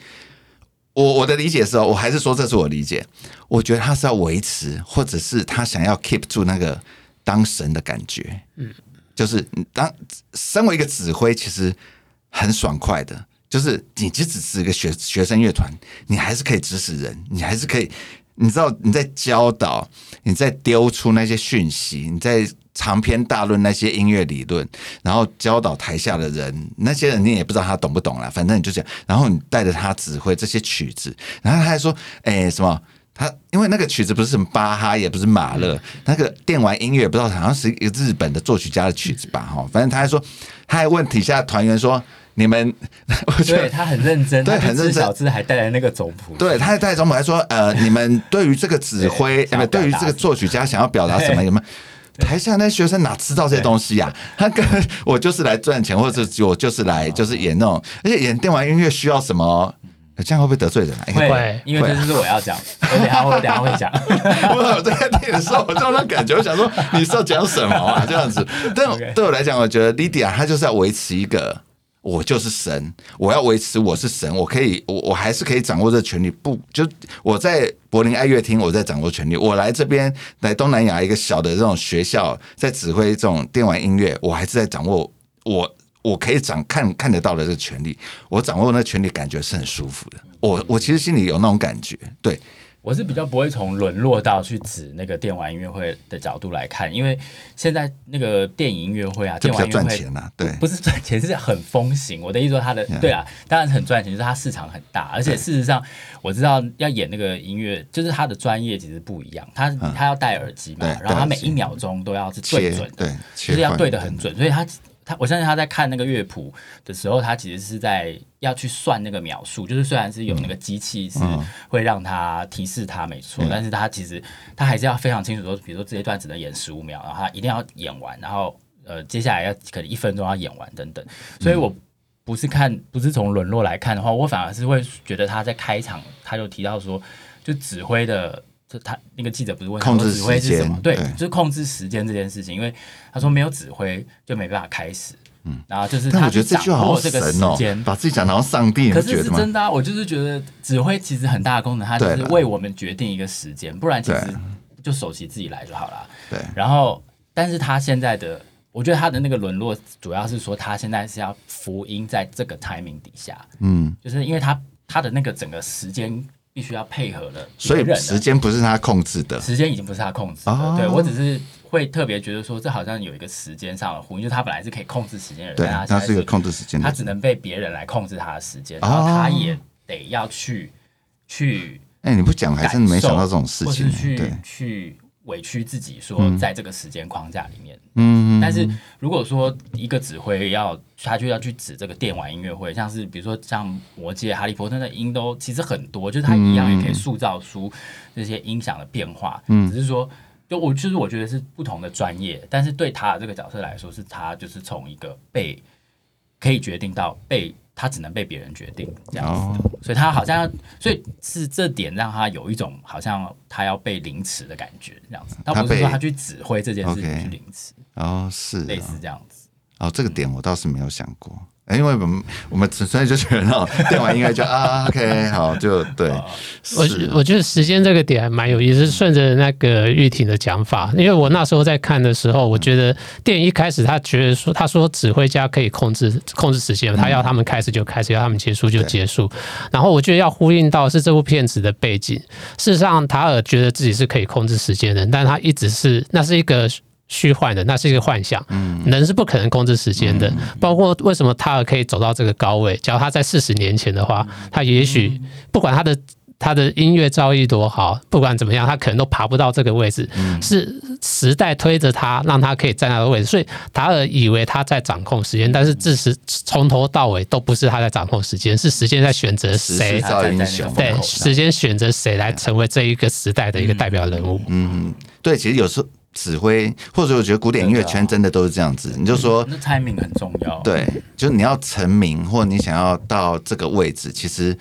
我我的理解是，我還是說這是我理解。我覺得他是要維持，或者是他想要 keep 住那個當神的感覺。嗯，就是當身為一個指揮，其實很爽快的，就是你即使是一個學學生樂團，你還是可以指使人，你還是可以，你知道你在教導，你在丟出那些訊息，你在，長篇大論那些音樂理論，然後教導台下的人，那些人你也不知道他懂不懂啦，反正你就這樣，然後你帶着他指揮這些曲子，然後他還說，哎、欸，什麼？他因為那個曲子不是什麼巴哈，也不是馬勒，那個電玩音樂不知道好像是一個日本的作曲家的曲子吧？哈，反正他還說，他還問底下團員說，你們，對 得他很認真，對很認真，小智還帶來那個總譜，對他還帶總譜還說， 呃，你們對於這個指揮、欸，對於這個作曲家想要表達什麼？你們對。有沒有台下那些學生哪知道這些東西呀、啊？對他跟我就是來賺錢，對或者是我就是來就是演那種，啊、而且演電玩音樂需要什麼？這樣會不會得罪人？會，因為這就是我要講，我等下會等下會講。我我在看電影的時候，我這樣感覺，我想說你是要講什麼啊？這樣子，對對我來講，我覺得莉迪亞，他就是要維持一個。我就是神，我要維持我是神，我可以，我我還是可以掌握這個權力。不，就我在柏林愛樂廳，我在掌握權力，我來這邊，來東南亞一個小的這種學校，在指揮這種電玩音樂，我還是在掌握我，我可以掌看看得到的這個權力，我掌握那個權力感覺是很舒服的。我我其實心裡有那種感覺，對。我是比較不會從淪落到去指那個電玩音樂會的角度來看，因為現在那個電影音樂會啊，電玩音樂會，對，不是賺錢，是很風行。我的意思說它，他的，對啊，當然很賺錢，就是它市場很大。而且事實上，我知道要演那個音樂，就是他的專業其實不一樣，他他要戴耳機嘛，然後他每一秒鐘都要是對準的，就是要對得很準，所以他。他我相信他在看那個樂譜的時候，他其實是在要去算那個秒數，就是雖然是有那個機器是會讓他提示他沒錯，嗯嗯、但是他其實他還是要非常清楚說，比如說這一段只能演十五秒，然後他一定要演完，然後呃接下來要可能一分鐘要演完等等。所以我不是看不是從淪落來看的話，我反而是會覺得他在開場他就提到說，就指揮的。這他那個記者不是問控制指揮是什麼？對，對就是控制時間這件事情。因為他說沒有指揮就沒辦法開始。嗯，然後就是他掌握我這、哦、這個時間，把自己講到上帝、啊。可是，是真的、啊、我就是覺得指揮其實很大的功能，他就是為我們決定一個時間，了不然其實就首席自己來就好了。對，然後但是他現在的，我覺得他的那個淪落，主要是說他現在是要福音在這個 timing 底下。嗯，就是因為他他的那個整個時間。必須要配合了，所以時間不是他控制的。時間已經不是他控制的，對，我只是會特別覺得說，這好像有一個時間上的呼應。因為他本來是可以控制時間的人，對，他是一個控制時間，他只能被別人來控制他的時間，然後他也得要去去。哎，你不講，還真沒想到這種事情。對，去，去。委屈自己說，在這個時間框架裡面，嗯，但是如果說一個指揮要他就要去指這個電玩音樂會，像是比如說像魔戒、哈利波特的音都其實很多，就是他一樣也可以塑造出這些音響的變化，嗯、只是說就我其實、就是、我覺得是不同的專業，但是對他的這個角色來說，是他就是從一個被可以決定到被。他只能被別人決定這樣子，哦、所以他好像，所以是這點讓他有一種好像他要被凌遲的感覺，這樣子。他被不是說他去指揮這件事情 Okay. 去凌遲，哦，是哦類似這樣子。哦，這個點我倒是沒有想過。嗯因為我們我們只在就覺得，電話應該就啊 ，OK，好，就對。我我覺得時間這個點蠻有意思，順着、嗯、那個玉婷的講法，因為我那時候在看的時候，嗯、我覺得電影一開始他覺得說，他說指揮家可以控制控制時間，他要他們開始就開始，嗯、要他們結束就結束。對然後我覺得要呼應到是這部片子的背景。事實上，塔爾覺得自己是可以控制時間的，但是他一直是那是一個。虛幻的，那是一個幻想。人是不可能控制時間的。嗯嗯、包括為什麼塔爾可以走到這個高位，只要他在四十年前的話，嗯、他也許不管他的，嗯、他的音樂造詣多好，不管怎麼樣，他可能都爬不到這個位置。嗯、是時代推着他，讓他可以站那個位置。所以塔爾以為他在掌控時間，但是其實從頭到尾都不是他在掌控時間，是時間在選擇誰。時時在對，時間選擇誰來成為這一個時代的一個代表人物。嗯，嗯，對，其實有時候指揮，或者我覺得古典音樂圈真的都是這樣子。嗯、你就說，timing、嗯、很重要。對，就你要成名，或者你想要到這個位置，其實，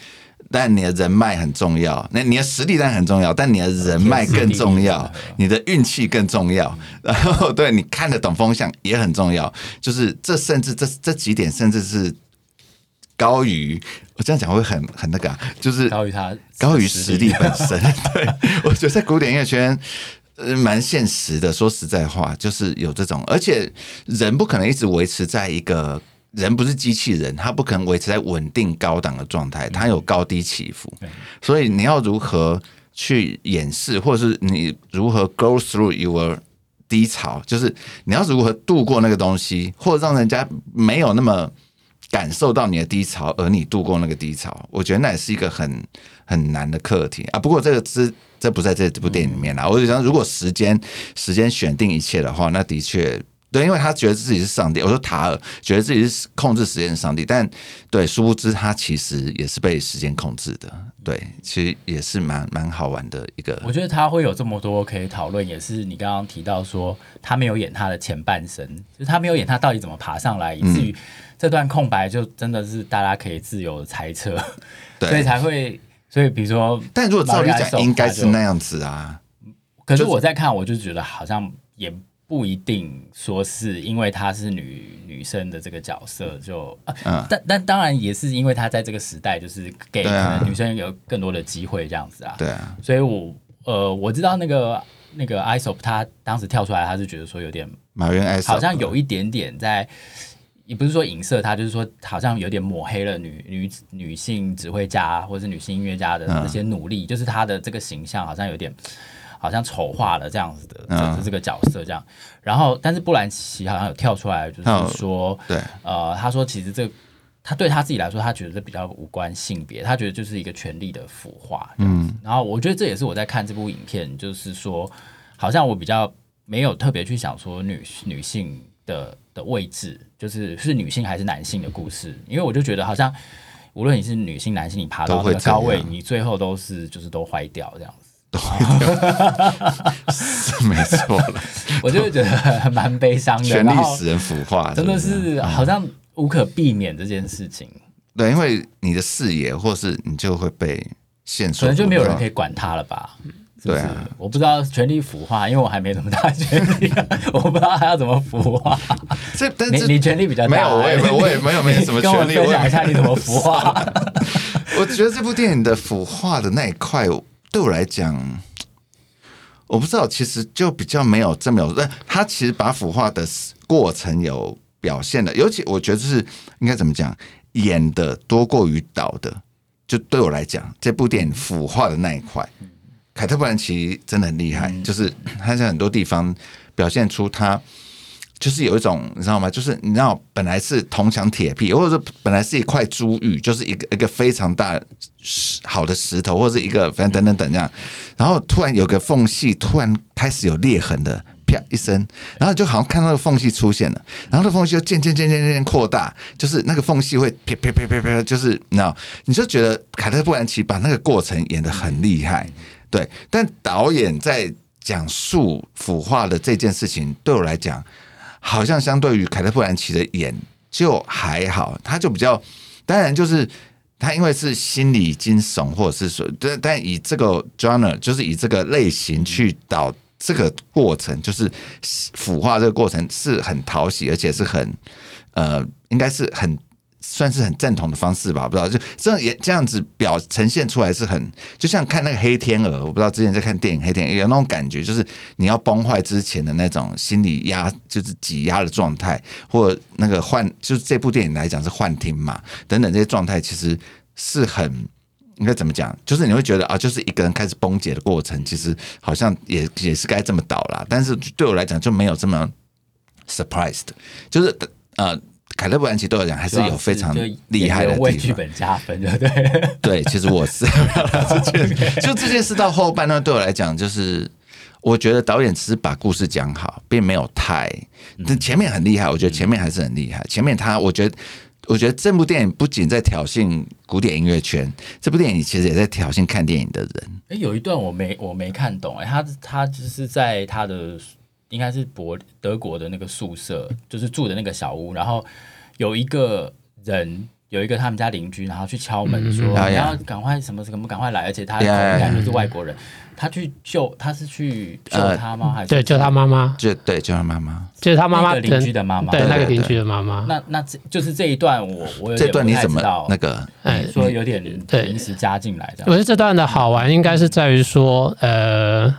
但你的人脈很重要。那你的實力當然很重要，但你的人脈更重要，天時、你的運氣更重要。嗯、然後，對你看得懂風向也很重要。嗯、就是這，甚至這這幾點，甚至是高於我這樣講會很很那個、啊，就是高於他，高於實力本身。對，我覺得在古典音樂圈。蠻現實的。說實在話，就是有這種，而且人不可能一直維持在一個人不是機器人，他不可能維持在穩定高檔的狀態，他有高低起伏。嗯、所以你要如何去掩飾，或者是你如何 go through YOUR 低潮，就是你要如何度過那個東西，或者讓人家沒有那麼。感受到你的低潮，而你度過那個低潮，我覺得那也是一個很很難的課題啊。不過這個之這不在這部電影裡面啦。我就想如果時間時間選定一切的話，那的確對，因為他覺得自己是上帝。我說塔爾覺得自己是控制時間的上帝，但對，殊不知他其實也是被時間控制的。對，其實也是蠻蠻好玩的一個。我覺得他會有這麼多可以討論，也是你剛剛提到說他沒有演他的前半生，就是他沒有演他到底怎麼爬上來，以至於。這段空白就真的是大家可以自由的猜測，對所以才會，所以比如說，但如果照理講 Alsop, 應該是那樣子啊。可是我在看，我就覺得好像也不一定說是因為她是女，就是，女生的這個角色就，啊嗯、但但當然也是因為她在這個時代就是給、啊、女生有更多的機會這樣子啊。對啊，所以我呃我知道那個那個 Alsop 他當時跳出來，他是覺得說有點 Marin Alsop 好像有一點點在。也不是說影射他，就是說好像有點抹黑了女女女性指揮家或者是女性音樂家的那些努力，嗯、就是他的這個形象好像有點好像醜化了這樣子的、嗯、就是這個角色這樣。然後，但是布蘭奇好像有跳出來，就是說，哦、對呃，他說其實這他對他自己來說，他覺得這比較無關性別，他覺得就是一個權力的腐化。嗯，然後我覺得這也是我在看這部影片，就是說好像我比較沒有特別去想說女女性的。的位置就是是女性還是男性的故事，因為我就覺得好像無論你是女性男性，你爬到了高位，你最後都是就是都壞掉這樣子，沒錯 我就會覺得蠻悲傷的，權力使人腐化，真的是好像無可避免這件事情。對，因為你的視野，或是你就會被限縮，可能就沒有人可以管他了吧。是是對、啊、我不知道權力腐化，因為我還沒那麼大權力， 我不知道還要怎麼腐化。這，你你權力比較大，沒有，我也沒我也沒有沒，有沒有什麼權力。我講一下你怎麼腐化。 啊、 我覺得這部電影的腐化的那一塊，對我來講，我不知道，其實就比較沒有這麼有，但他其實把腐化的過程有表現的，尤其我覺得是應該怎麼講，演的多過於導的，就對我來講，這部電影腐化的那一塊。凱特布蘭奇真的很厲害，就是他在很多地方表現出他，就是有一種你知道嗎？就是你知道本來是銅牆鐵壁，或者說本來是一塊珠玉，就是一個一個非常大好的石頭，或者是一個反正等等等這樣，然後突然有個縫隙，突然開始有裂痕的，啪一聲，然後就好像看到那個縫隙出現了，然後那縫隙就漸漸漸漸漸擴大，就是那個縫隙會啪啪啪啪啪，就是你知道，你就覺得凱特布蘭奇把那個過程演得很厲害。對，但導演在講述腐化的這件事情，對我來講，好像相對於凱特·布蘭奇的演就還好，他就比較，當然就是他因為是心理驚悚，或者是說，但但以這個 genre 就是以這個類型去導這個過程，就是腐化這個過程是很討喜，而且是很呃，應該是很。算是很贊同的方式吧，不知道就這樣也這樣子表呈現出來是很，就像看那個黑天鵝，我不知道之前在看電影《黑天鵝》有那種感覺，就是你要崩壞之前的那種心理壓，就是擠壓的狀態，或者那個幻，就是這部電影來講是幻聽嘛，等等這些狀態其實是很應該怎麼講，就是你會覺得啊，就是一個人開始崩解的過程，其實好像也也是該這麼倒了，但是對我來講就沒有這麼 surprised，就是呃。凱特布蘭琪對我講，還是有非常厲害的地方，為劇本加分。對，對對。對，其實我是 Okay. 就這件事到後半段對我來講，就是我覺得導演只是把故事講好，並沒有太……但前面很厲害，我覺得前面還是很厲害。嗯、前面他，我覺得，我覺得這部電影不僅在挑釁古典音樂圈，這部電影其實也在挑釁看電影的人。哎、欸，有一段我沒我沒看懂、欸，哎，他他就是在他的。應該是德國的那個宿舍，就是住的那個小屋，然後有一個人，有一個他們家鄰居，然後去敲門說：“嗯、你要趕快，什麼什麼，趕快來！”而且他應該是外國人，嗯、他去救，他是去救他嗎？呃、還是對救他媽媽？就對，救他媽媽，就是他媽媽鄰居的媽媽，對，對，對，對那個鄰居的媽媽。那那這就是這一段我，我我有點不太知道，這段你怎麼那個？你、欸、說有點臨時加進來，的。我覺得這段的好玩應該是在於說，呃。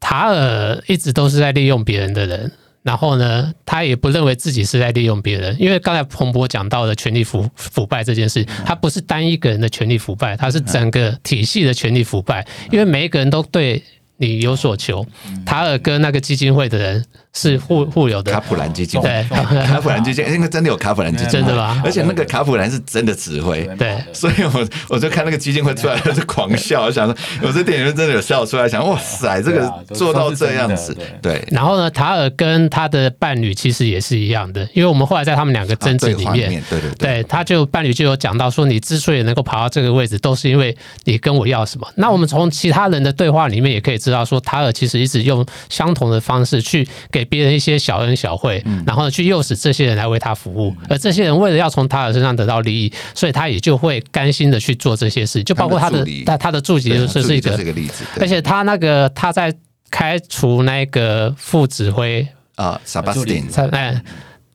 塔爾一直都是在利用別人的人，然後呢，他也不認為自己是在利用別人，因為剛才彭博講到的權力腐腐敗這件事，他不是單一個人的權力腐敗，他是整個體系的權力腐敗，因為每一個人都對你有所求，塔爾跟那個基金會的人是互互有的。嗯、對卡普蘭基金會，對卡普蘭基金，因為真的有卡普蘭基金，啊、真的嗎？而且那個卡普蘭是真的指揮，對，對。所以我我就看那個基金會出來就狂笑，對對對對，我想說，我在電影院真的有笑出來，想哇塞，這個做到這樣子，對。然後呢，塔爾跟他的伴侶其實也是一樣的，因為我們後來在他們兩個爭執裡面、啊、面，對對對，對，對，對他就伴侶就有講到說，你之所以能夠爬到這個位置，都是因為你跟我要什麼。那我們從其他人的對話裡面也可以知道。知道說塔爾其實一直用相同的方式去給別人一些小恩小惠，嗯、然後去誘使這些人來為他服務。嗯、而這些人為了要從塔爾身上得到利益，所以他也就會甘心的去做這些事。就包括他的，但他，他的助理就是這個，是一個例子。而且他那個他在開除那個副指揮啊，薩巴斯汀，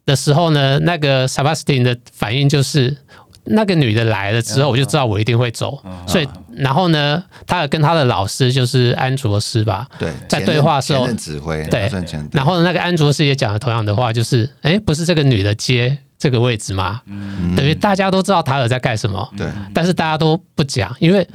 的時候呢，那個薩巴斯丁的反應就是。那個女的來了之後，我就知道我一定會走，啊啊啊啊啊所以然後呢，塔爾跟他的老師就是安卓斯吧，對，在對話時候指揮對,對,對，然後那個安卓斯也講了同樣的話，就是哎，不是這個女的接這個位置嗎？嗯、等於大家都知道塔爾在幹什麼，對，但是大家都不講，因為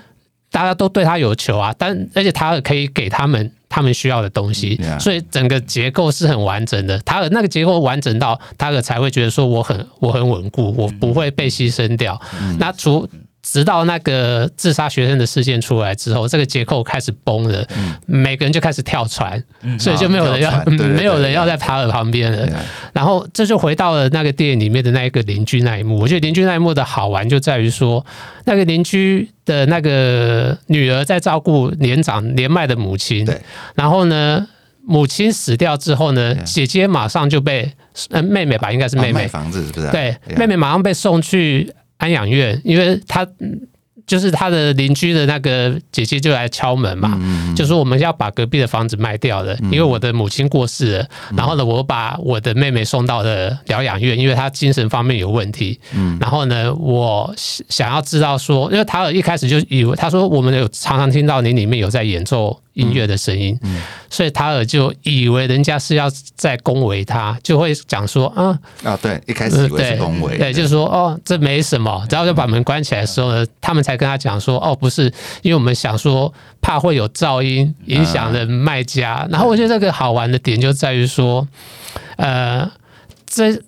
大家都對他有求啊，但而且塔爾可以給他們。他們需要的東西，Yeah. 所以整個結構是很完整的。他的那個結構完整到，他的才會覺得說我很我很穩固，我不會被犧牲掉。Mm hmm. 那除直到那個自殺學生的事件出來之後，這個結構開始崩了，嗯、每個人就開始跳船，嗯、跳船，所以就沒有人要，對對對對沒有人要在塔爾旁邊了。對對對對然後這就回到了那個電影裡面的那一個鄰居那一幕。對對對對我覺得鄰居那一幕的好玩就在於說，那個鄰居的那個女兒在照顧年長年邁的母親。對然後呢，母親死掉之後呢，對對對對姐姐馬上就被嗯、呃，妹妹吧，應該是妹妹。啊、房子是不是、啊？對，妹妹馬上被送去。安養院，因為他就是他的鄰居的那個姐姐就來敲門嘛，就說我們要把隔壁的房子賣掉了，因為我的母親過世了。然後呢，我把我的妹妹送到了療養院，因為她精神方面有問題。然後呢，我想要知道說，因為塔爾一開始就以為他說，我們有常常聽到你裡面有在演奏。音樂的聲音，嗯、所以塔爾就以為人家是要在恭維他，就會講說啊啊、嗯哦，對，一開始以為是恭維，對，就是說哦，這沒什麼。然後就把門關起來的時候呢，嗯、他們才跟他講說，哦，不是，因為我們想說怕會有噪音影響了賣家。嗯、然後我覺得這個好玩的點就在於說，呃，在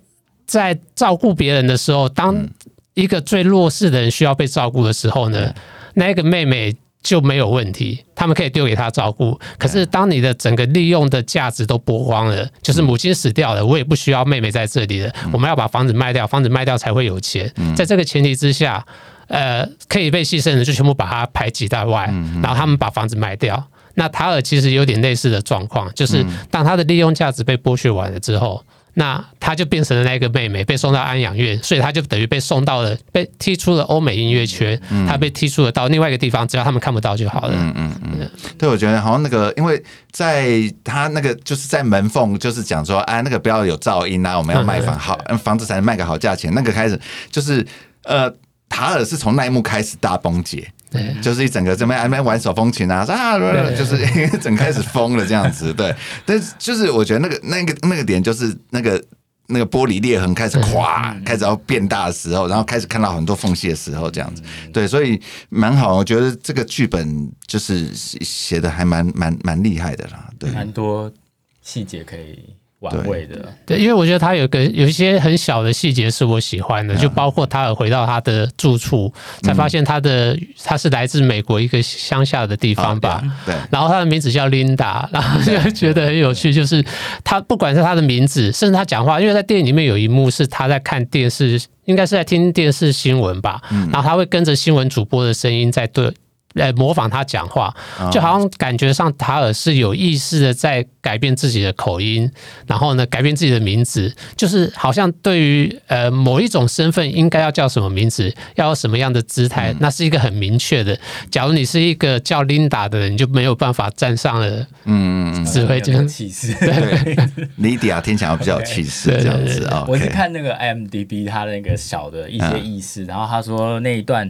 在照顧別人的時候，當一個最弱勢的人需要被照顧的時候呢，嗯、那個妹妹就沒有問題。他們可以丟給他照顧，可是當你的整個利用的價值都剝光了，就是母親死掉了，我也不需要妹妹在這裡了。我們要把房子賣掉，房子賣掉才會有錢。在這個前提之下，呃，可以被犧牲的就全部把它排擠在外，然後他們把房子賣掉。那塔爾其實有點類似的狀況，就是當他的利用價值被剝削完了之後。那他就變成了那個妹妹，被送到安養院，所以他就等於被送到了，被踢出了歐美音樂圈。嗯、他被踢出了到另外一個地方，只要他們看不到就好了。嗯嗯嗯。嗯嗯嗯對，我覺得好像那個，因為在他那個就是在門縫，就是講說，啊，那個不要有噪音啊，我們要賣房，嗯、好房子才能賣個好價錢。那個開始就是呃，塔爾是從那一幕開始大崩解。對、啊，就是一整個這邊還沒玩手風琴啊，啊，啊就是整個開始瘋了這樣子，對。 但是就是我覺得那個那個那個點就是那個那個玻璃裂痕開始咵對開始要變大的時候，然後開始看到很多縫隙的時候這樣子，對。所以蠻好，我覺得這個劇本就是寫的還蠻蠻蠻厲害的啦，對。蠻多細節可以。的，對，對，對，對，因為我覺得他有個有一些很小的細節是我喜歡的，對對對，就包括他有回到他的住處，才對發現他的他是來自美國一個鄉下的地方吧，對，對，然後他的名字叫琳達，然後就覺得很有趣，就是他不管是他的名字，對對對對甚至他講話，因為在電影裡面有一幕是他在看電視，應該是在聽電視新聞吧，然後他會跟着新聞主播的聲音在對。來模仿他講話，就好像感覺上塔爾是有意識的在改變自己的口音，然後呢，改變自己的名字，就是好像對於呃某一種身份應該要叫什麼名字，要有什麼樣的姿態，嗯、那是一個很明確的。假如你是一個叫琳達的人，你就沒有辦法站上了，嗯，指揮將氣勢。對，莉迪亞聽起來比較有氣勢，okay, 這樣子啊。我是看那個 M D B 他的那個小的一些意思，嗯、然後他說那一段。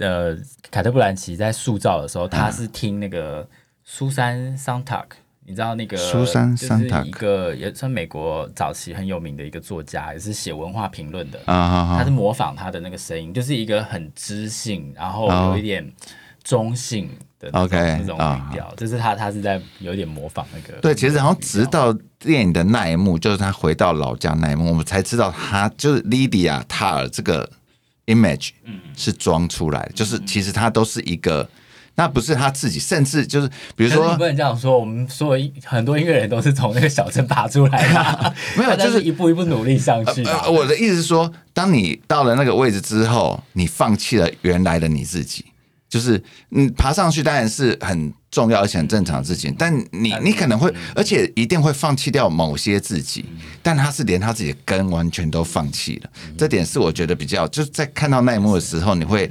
呃，凱特·布蘭奇在塑造的時候，他是聽那個蘇珊、嗯·桑塔克，你知道那個蘇珊·桑塔克，一個也算是美國早期很有名的一個作家，也是寫文化評論的。啊啊他是模仿他的那個聲音，就是一個很知性，嗯、然後有一點中性的 OK 那種語調，這是他他是在有一點模仿那個。對，其實然後直到電影的那一幕，就是他回到老家那一幕，我們才知道他就是莉迪亞·塔爾這個。Image 是裝出來的，嗯、就是其實他都是一個，那不是他自己，甚至就是比如說不能這樣說，我們所有很多音樂人都是從那個小鎮爬出來的， 沒有就是一步一步努力上去，就是呃呃。我的意思是說，當你到了那個位置之後，你放棄了原來的你自己。就是你爬上去當然是很重要而且很正常的事情，但你你可能會而且一定會放棄掉某些自己，但他是連他自己的根完全都放棄了，這點是我覺得比較就是在看到那一幕的時候你會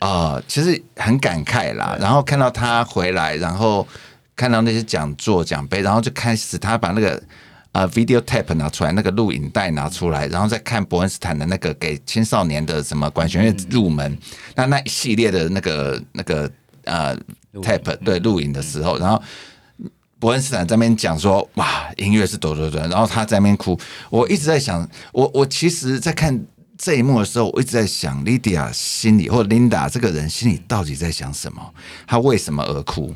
啊、呃、其實很感慨啦，然後看到他回來，然後看到那些講座獎杯，然後就開始他把那個。呃、uh，video tape 拿出來，那個錄影帶拿出來，然後再看伯恩斯坦的那個給青少年的什麼管弦樂入門，那那一系列的那個那個呃 tape 對錄影的時候，然後伯恩斯坦在那邊講說，哇，音樂是多多多，然後他在那邊哭，我一直在想，我我其實，在看這一幕的時候，我一直在想莉迪亞心裡或琳達這個人心裡到底在想什麼，她為什麼而哭？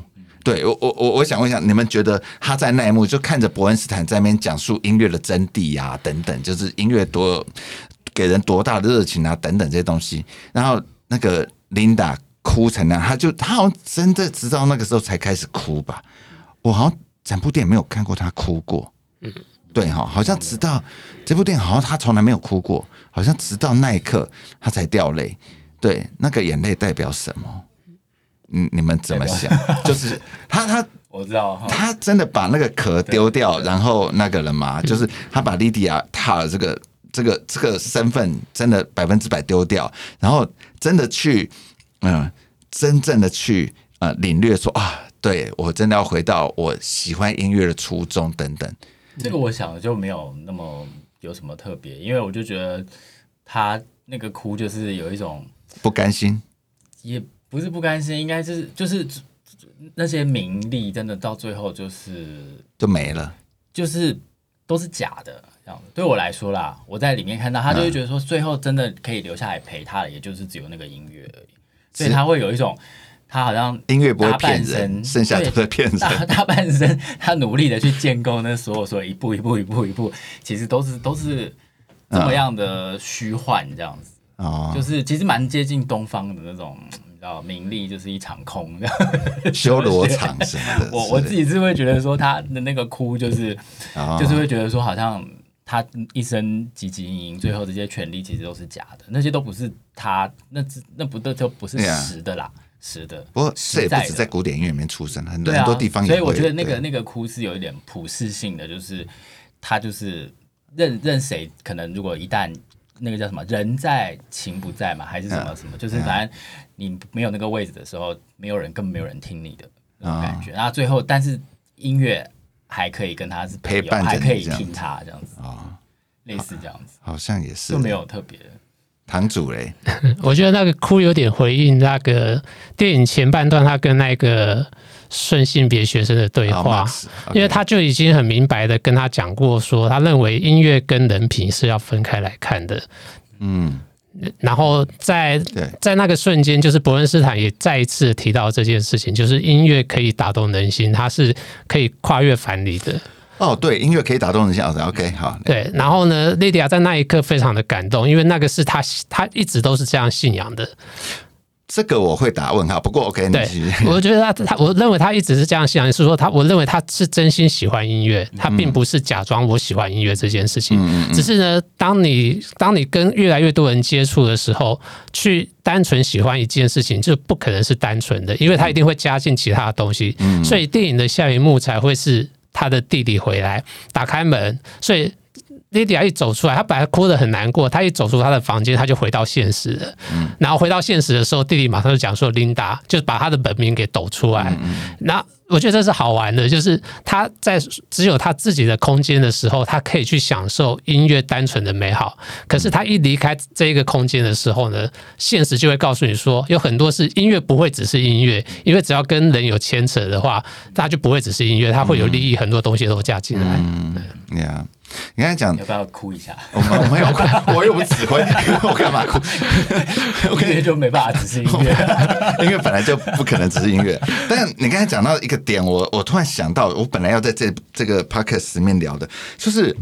對，我我我我想問一下，你們覺得他在那一幕就看着伯恩斯坦在那邊講述音樂的真諦呀、啊，等等，就是音樂多給人多大的熱情啊，等等這些東西。然後那個琳達哭成那樣，他就他好像真的直到那個時候才開始哭吧？我好像整部電影沒有看過他哭過。嗯，對哈，好像直到這部電影好像他從來沒有哭過，好像直到那一刻他才掉淚。對，那個眼淚代表什麼？你、嗯、你們怎麼想？ 就是他他我知道，哦、他真的把那個殼丟掉，然後那個人嘛？嗯、就是他把莉迪亞塔爾這個這個這個身份真的百分之百丟掉，然後真的去嗯，真正的去呃，領略說啊，對我真的要回到我喜歡音樂的初衷等等。這個我想就沒有那麼有什麼特別，因為我就覺得他那個哭就是有一種不甘心也。不是不甘心，應該是就是、就是、那些名利，真的到最後就是就沒了，就是都是假的這樣子。對我來說啦，我在裡面看到他，就會覺得說，最後真的可以留下來陪他的，嗯、也就是只有那個音樂而已。所以他會有一種，他好像音樂不會騙人，他半，剩下都在騙人大。大半生他努力的去建構那所有，所有一步一步一步一步，其實都是都是這麼樣的虛幻這樣子、嗯、就是其實蠻接近東方的那種。啊、哦，名利就是一場空呵呵修羅場， 我是我自己是會覺得說，他的那個哭就是，uh huh. 就是會覺得說，好像他一生汲汲營營，最後這些權力其實都是假的，那些都不是他那那不都就不是實的啦，Yeah. 實的。不過這也不止在古典音樂裡面出生，很多、啊、很多地方也。所以我覺得那個對那個哭是有一點普世性的，就是他就是任認誰，認可能如果一旦。那個叫什麼？人在情不在嘛，還是什麼什麼？嗯嗯、就是反正你沒有那個位置的時候，沒有人，跟，沒有人聽你的感覺。然後、哦、最後，但是音樂還可以跟他是陪伴，還可以聽他這樣子啊，哦、類似這樣子，好，好像也是就沒有特別堂主誒 我覺得那個哭有點回應那個電影前半段，他跟那個。順性別學生的對話，oh, Max, okay. 因為他就已經很明白的跟他講過說，說他認為音樂跟人品是要分開來看的。嗯，然後在對在那個瞬間，就是伯恩斯坦也再一次提到這件事情，就是音樂可以打動人心，它是可以跨越藩籬的。哦，oh, 對，音樂可以打動人心。OK，好。對，然後呢，莉迪亞在那一刻非常的感動，因為那個是他他一直都是這樣信仰的。這個我會打問號哈，不過 OK，對我覺得他他我認為他一直是這樣想，是說他我認為他是真心喜歡音樂，他並不是假裝我喜歡音樂這件事情。嗯，只是呢，當你當你跟越來越多人接觸的時候，去單純喜歡一件事情就不可能是單純的，因為他一定會加進其他東西。嗯，所以電影的下一幕才會是他的弟弟回來打開門，所以。莉迪亞一走出來，他本來哭得很難過。他一走出他的房間，他就回到現實了。嗯、然後回到現實的時候，弟弟馬上就講說琳達，就是把他的本名給抖出來。嗯嗯。那我覺得這是好玩的，就是他在只有他自己的空間的時候，他可以去享受音樂單純的美好。可是他一離開這一個空間的時候呢，嗯、現實就會告訴你說，有很多是音樂不會只是音樂，因為只要跟人有牽扯的話，他就不會只是音樂，他會有利益，很多東西都加進來。嗯對、Yeah. 你剛才講要不要哭一下？我沒有哭，我又不指揮， 我幹嘛哭？我感覺就沒辦法只是音樂， 音樂本來就不可能只是音樂。 但你剛才講到一個點，我我突然想到，我本來要在這這個 podcast 面聊的，就是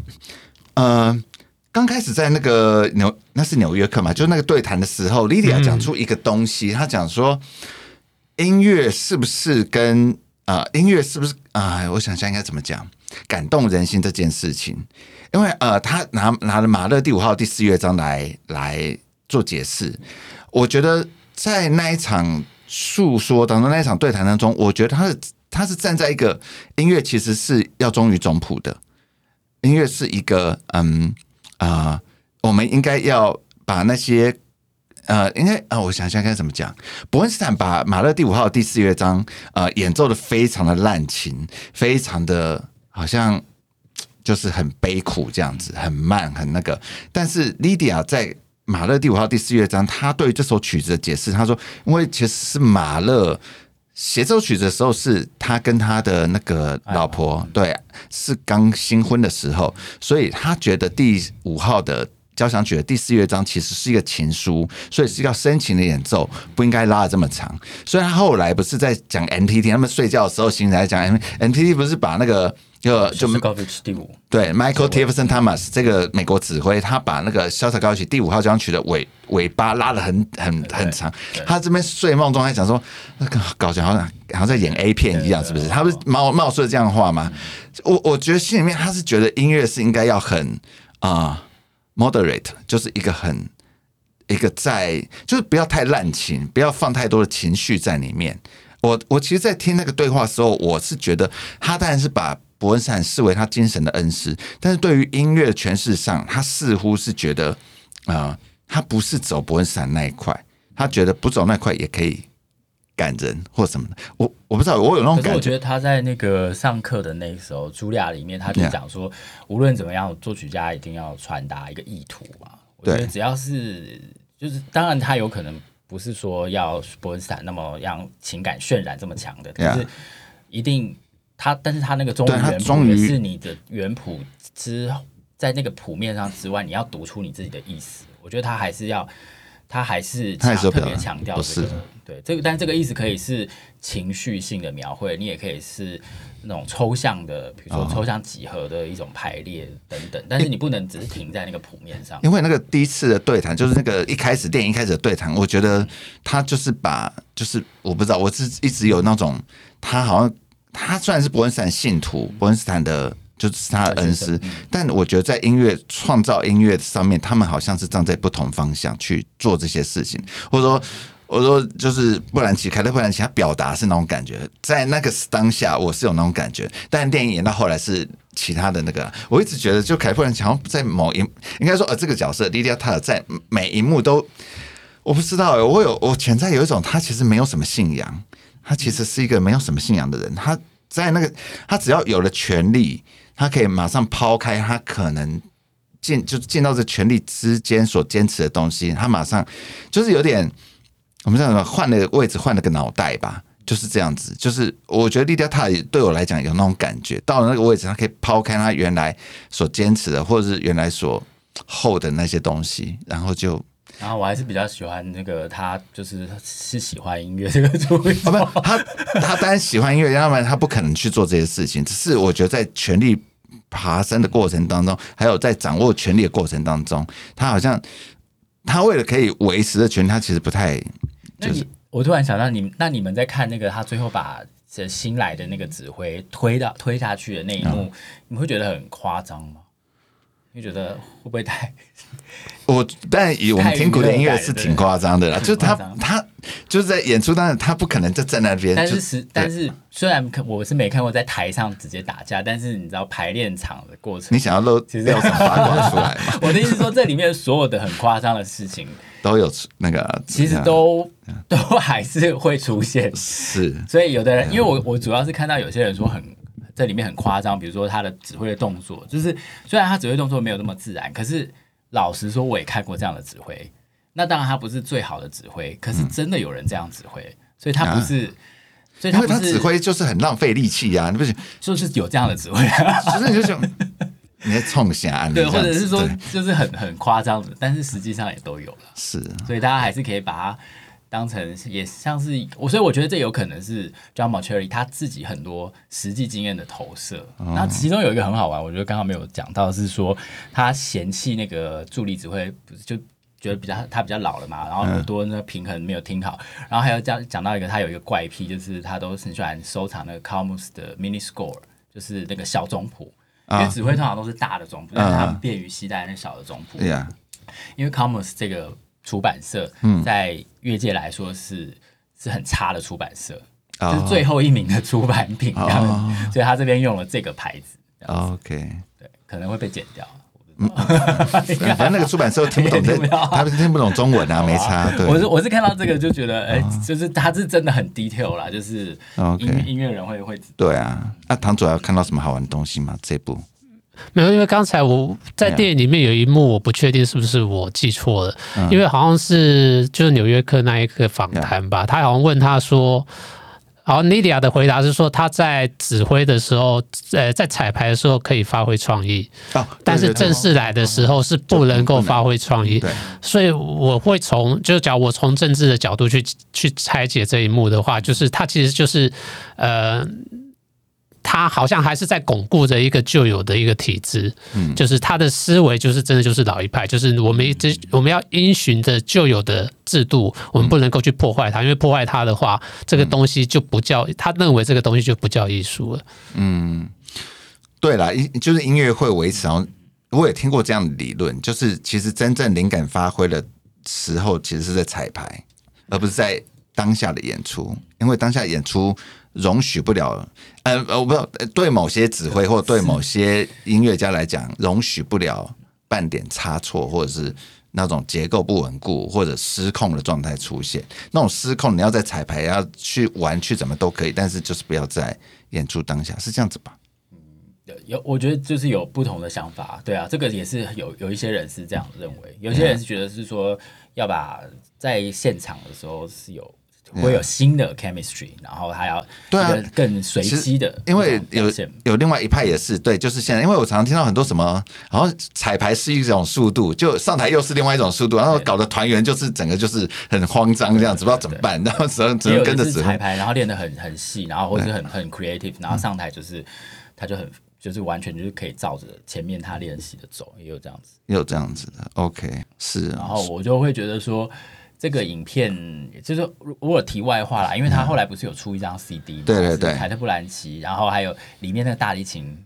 嗯，剛、呃、開始在那個紐，那是紐約客嘛，就是、那個對談的時候，莉莉婭講出一個東西，嗯、她講說，音樂是不是跟啊、呃、音樂是不是啊、呃？我想一下應該怎麼講。感動人心這件事情，因為呃，他拿拿了馬勒第五號第四樂章來來做解釋，我覺得在那一場訴說當中，那一場對談當中，我覺得他是他是站在一個音樂其實是要忠於總譜的，音樂是一個嗯啊、呃，我們應該要把那些呃，應該啊、哦，我想想該怎麼講，伯恩斯坦把馬勒第五號第四樂章呃演奏的非常的濫情，非常的。好像就是很悲苦這樣子，很慢，很那個。但是莉迪亞在馬勒第五號第四樂章，他對這首曲子的解釋，他說：“因為其實是馬勒寫這首曲子的時候，是他跟他的那個老婆，哎、呀對，是剛新婚的時候，所以他覺得第五號的交響曲的第四樂章其實是一個情書，所以是要深情的演奏，不應該拉的這麼長。所以他後來不是在講 NPT，他們睡覺的時候，醒來講 NPT，不是把那個。”一就就是高飛是第五，對，Michael Tilson Thomas 我這個美國指揮，對他把那個蕭士塔高維契第五號交響曲的尾尾巴拉得很很很長。他這邊睡夢中還講說，那個搞笑，好像好像在演 A 片一樣，是不是？他不是冒冒說這樣的話嗎？嗯、我我覺得心裡面他是覺得音樂是應該要很啊、uh,，moderate，就是一個很一個在就是不要太濫情，不要放太多的情緒在裡面。我我其實，在聽那個對話的時候，我是覺得他當然是把。伯恩斯坦視為他精神的恩師，但是對於音樂詮釋上，他似乎是覺得啊、呃，他不是走伯恩斯坦那一塊，他覺得不走那塊也可以感人或什麼的。我我不知道，我有那種感覺。我覺得他在那個上課的那時候，茱莉亞裡面，他就講說，Yeah. 無論怎麼樣，作曲家一定要傳達一個意圖嘛。我覺得只要是，對就是當然他有可能不是說要伯恩斯坦那麼讓情感渲染這麼強的，但是一定。Yeah. 他，但是他那個中文原也是你的原譜之於在那個譜面上之外，你要讀出你自己的意思。我覺得他還是要，他還是還特別強調、這個、是，對這個，但這個意思可以是情緒性的描繪，你也可以是那種抽象的，比如說抽象幾何的一種排列等等。哦、但是你不能只是停在那個譜面上，因為那個第一次的對談就是那個一開始電影一開始的對談，我覺得他就是把，就是我不知道，我是一直有那種他好像。他雖然是伯恩斯坦信徒，伯恩斯坦的，就是他的恩師，嗯嗯、但我覺得在音樂創造音樂上面，他們好像是站在不同方向去做這些事情。或者說，我說就是布蘭奇、凱特·布蘭奇，他表達是那種感覺，在那個當下，我是有那種感覺，但電影演到後來是其他的那個、啊。我一直覺得，就凱特·布蘭奇好像在某一應該說呃，這個角色莉迪亞·塔爾在每一幕都，我不知道、欸，我有我潛在有一種，他其實沒有什麼信仰。他其實是一個沒有什麼信仰的人，他在那個他只要有了權力，他可以馬上拋開他可能見，就是見到這權力之間所堅持的東西，他馬上就是有點我們這什麼換了個位置，換了個腦袋吧，就是這樣子。就是我覺得莉迪亞塔爾也對我來講有那種感覺，到了那個位置，他可以拋開他原來所堅持的，或者是原來所 hold 的那些東西，然後就。然後我還是比較喜歡那個他，就是是喜歡音樂這個主意。他他當然喜歡音樂，要不然他不可能去做這些事情。只是我覺得在權力爬升的過程當中，還有在掌握權力的過程當中，他好像他為了可以維持的權力，他其實不太。你就是我突然想到你，你那你們在看那個他最後把這新來的那個指揮推到推下去的那一幕，嗯、你們會覺得很誇張嗎？你覺得會不會太？ 我但以我們聽古典音樂是挺誇張的啦，就他他就是在演出，當然他不可能就在那邊。但是但是雖然我是沒看過在台上直接打架，但是你知道排練場的過程，你想要露，其實要想八卦出來。我的意思是說，這裡面所有的很誇張的事情都有那個，其實都都還是會出現。是，所以有的人，因為我我主要是看到有些人說很這裡面很誇張，比如說他的指揮的動作，就是雖然他指揮動作沒有那麼自然，可是。老實說，我也看過這樣的指揮。那當然，他不是最好的指揮，可是真的有人這樣指揮，嗯、所以他不是，啊、所以他，不是他指揮就是很浪費力氣呀、啊。你不是，就是有這樣的指揮、啊，所以你就想、是，就是、 你在衝瞎對，或者是說，就是很很誇張的， 但是實際上也都有了。是、啊，所以大家還是可以把當成也像是我，所以我覺得這有可能是 John Mauceri 他自己很多實際經驗的投射。然後其中有一個很好玩，我覺得剛剛沒有講到，是說他嫌棄那個助理指揮，不是，就覺得比較他比較老了嘛。然後很多那個平衡沒有聽好。然後還有講講到一個，他有一個怪癖，就是他都很喜歡收藏那個 Calmus 的 Mini Score，就是那個小總譜。因為指揮通常都是大的總譜，但是他們便於攜帶那小的總譜。對。因為 Calmus 這個出版社在。越界來說是是很差的出版社，就是最後一名的出版品，所以他這邊用了這個牌子。OK，對，可能會被剪掉。反正那個出版社聽不懂，他聽不懂中文啊，沒差。我是我是看到這個就覺得，哎，就是他是真的很 detail 啦，就是音樂人會會。對啊，那堂主要看到什麼好玩的東西嗎？這部？沒有，因為剛才我在電影裡面有一幕，我不確定是不是我記錯了，嗯、因為好像是就是《紐約客》那一個訪談吧，嗯、他好像問他說，然後莉迪亞的回答是說他在指揮的時候，呃，在彩排的時候可以發揮創意，啊，但是正式來的時候是不能夠發揮創意，所以我會從就假如我從政治的角度去去拆解這一幕的話，就是他其實就是呃。他好像還是在鞏固着一個舊有的一個體制，嗯，就是他的思維，就是真的就是老一派，就是我們一直、嗯、我們要因循着舊有的制度，我們不能夠去破壞它，嗯、因為破壞它的話，這個東西就不叫他認為這個東西就不叫藝術了。嗯，對啦，音就是音樂會維持。然後我也聽過這樣的理論，就是其實真正靈感發揮的時候，其實是在彩排，而不是在當下的演出，因為當下演出。容許不了，呃，我不知道呃，對某些指揮或對某些音樂家來講，是容許不了半點差錯，或者是那種結構不穩固或者失控的狀態出現。那種失控，你要在彩排要去玩去怎麼都可以，但是就是不要在演出當下，是這樣子吧？嗯，有有，我覺得就是有不同的想法。對啊，這個也是有有一些人是這樣認為，有些人是覺得是說要把在現場的時候是有。Yeah. 會有新的 chemistry，然後還要對更隨機的，啊、因為有有另外一派也是對，就是現在，因為我常常聽到很多什麼，然後彩排是一種速度，就上台又是另外一種速度，然後搞得團員就是整個就是很慌張，這樣子對對對對，不知道怎麼辦，然後只能只能跟着彩排然後練得很很細，然後或者很很 creative，然後上台就是他就很就是完全就是可以照着前面他練習的走，也有這樣子，也有這樣子的。OK，是、啊，然後我就會覺得說。這個影片就是如果題外話啦，因為他後來不是有出一張 CD，對對對，凱特布蘭奇，對對對，然後還有裡面那個大提琴，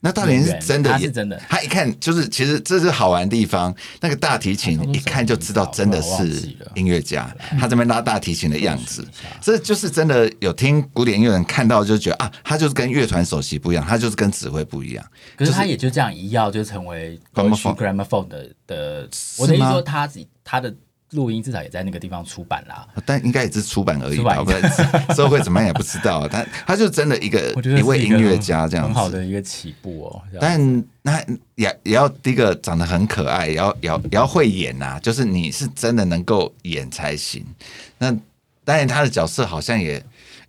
那大提琴是真的，是真的。他一看就是，其實這是好玩的地方，嗯、那個大提琴一看就知道真的是音樂家，嗯、他這邊拉大提琴的樣子，嗯、這就是真的有聽古典音樂人看到就覺得啊，他就是跟樂團首席不一樣，他就是跟指揮不一樣。可是他也就這樣一要就成為 Gramophone 的嗎的，我聽說他他，他的。錄音至少也在那個地方出版啦，但應該也是出版而已啊不，是，不然 社會怎麼樣也不知道啊。他他就真的一個，一，個一位音樂家這樣子一很好的一個起步哦。但那也也要第一個長得很可愛，也要也要也要會演吶、啊，就是你是真的能夠演才行。那當然他的角色好像也，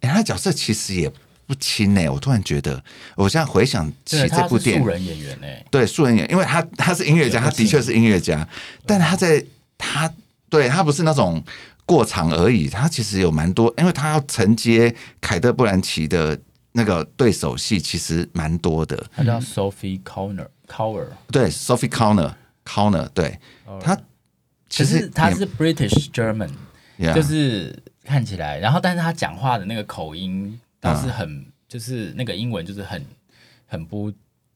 哎、欸，他的角色其實也不輕呢、欸。我突然覺得，我現在回想起對這部電影，素人演員呢、欸？對，素人演，因為他他是音樂家，他的確是音樂家，但他在對他。對，他不是那種過場而已，他其實有蠻多，因為他要承接凱特·布蘭奇的那個對手戲，其實蠻多的。他叫 Sophie Kauer，Kauer。對，Sophie Kauer，Kauer。對 Alright. 他，其實是他是 British German，Yeah. 就是看起來，然後但是他講話的那個口音倒是很，嗯、就是那個英文就是很很不，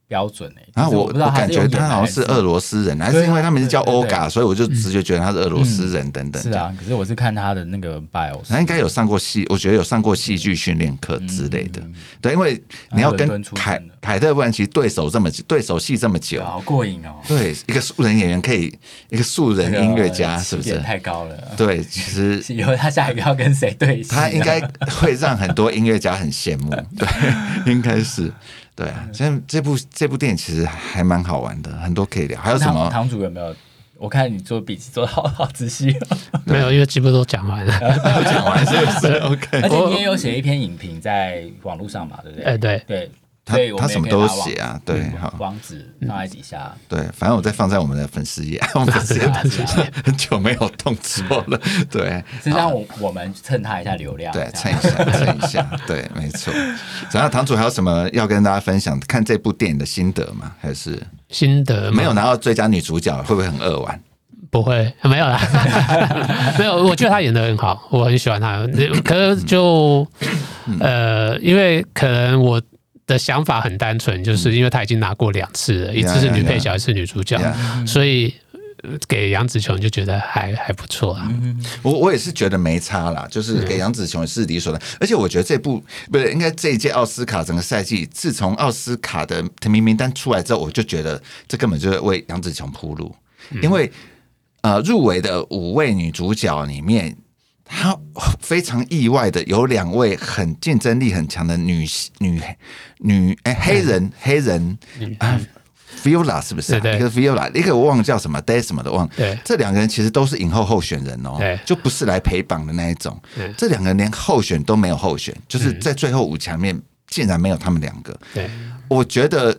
標準呢？然後我我感覺他好像是俄羅斯人，還是因為他名字叫 Oga，所以我就直覺覺得他是俄羅斯人等等。是啊，可是我是看他的那個 Bio，他應該有上過戲，我覺得有上過戲劇訓練課之類的。對，因為你要跟凱凱特溫妮對手這麼久，對手戲這麼久，好過癮哦。對，一個素人演員可以，一個素人音樂家是不是太高了？對，其實以後他下一個要跟誰對戲，他應該會讓很多音樂家很羨慕。對，應該是。對啊，所以這部這部電影其實還蠻好玩的，很多可以聊。還有什麼堂主有沒有？我看你做筆記做得好好仔細，哦，那沒有，因為基本都講完了，都 講完是不是 ？OK。而今天有寫一篇影評在網絡上嘛，對不對？哎，對對。對他，他什麼都寫啊，對，好，網址放在底下，對，反正我再放在我們的粉絲頁，我們粉絲很久沒有動過了，對，是讓我我們蹭他一下流量，好對，蹭一下，蹭一下， 對，沒錯。然後堂主還有什麼要跟大家分享看這部電影的心得嗎？還是心得？沒有拿到最佳女主角，會不會很扼腕？不會，沒有啦， 沒有。我覺得她演得很好， 我很喜歡她。可能就、嗯、呃，因為可能我。的想法很單純，就是因為他已經拿過兩次了，嗯、一次是女配角，嗯、一次女主角，嗯、所以給楊紫瓊就覺得還還不錯啊。嗯、我我也是覺得沒差啦，就是給楊紫瓊是理所的、嗯、而且我覺得這部不是應該這一屆奧斯卡整個賽季，自從奧斯卡的提名名單出來之後，我就覺得這根本就是為楊紫瓊鋪路，因為、嗯、呃，入圍的五位女主角裡面。他非常意外的有兩位很競爭力很強的女女女哎、欸、黑人、嗯、黑人、嗯、啊，Viola、嗯、是不是、啊？對對對，一個 Viola，一個忘了叫什麼，Day 什麼的忘了。對，這兩個人其實都是影后候選人哦，對 就不是來陪榜的那一種。對 這兩個人連候選都沒有，候選就是在最後五強面竟然沒有他們兩個。對，我覺得，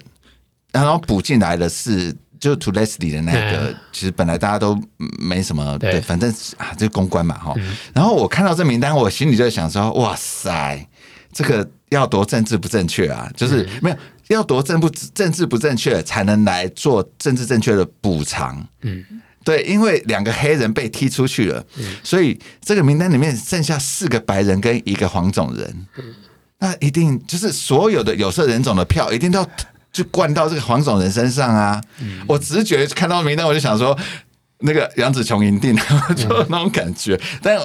然後補進來的是。就 To Leslie 的那個，Yeah. 其實本來大家都沒什麼，Yeah. 對，反正啊，這公關嘛，哈。Yeah. 然後我看到這名單，我心裡就想說，哇塞，這個要多政治不正確啊，就是 Yeah. 沒有要多政不政治不正確，才能來做政治正確的補償。嗯，Yeah. 對，因為兩個黑人被踢出去了，Yeah. 所以這個名單裡面剩下四個白人跟一個黃種人，Yeah. 那一定就是所有的有色人種的票一定都要。就灌到這個黃種人身上啊！我只是覺得看到名單，我就想說，那個楊紫瓊贏定了， 就那種感覺。但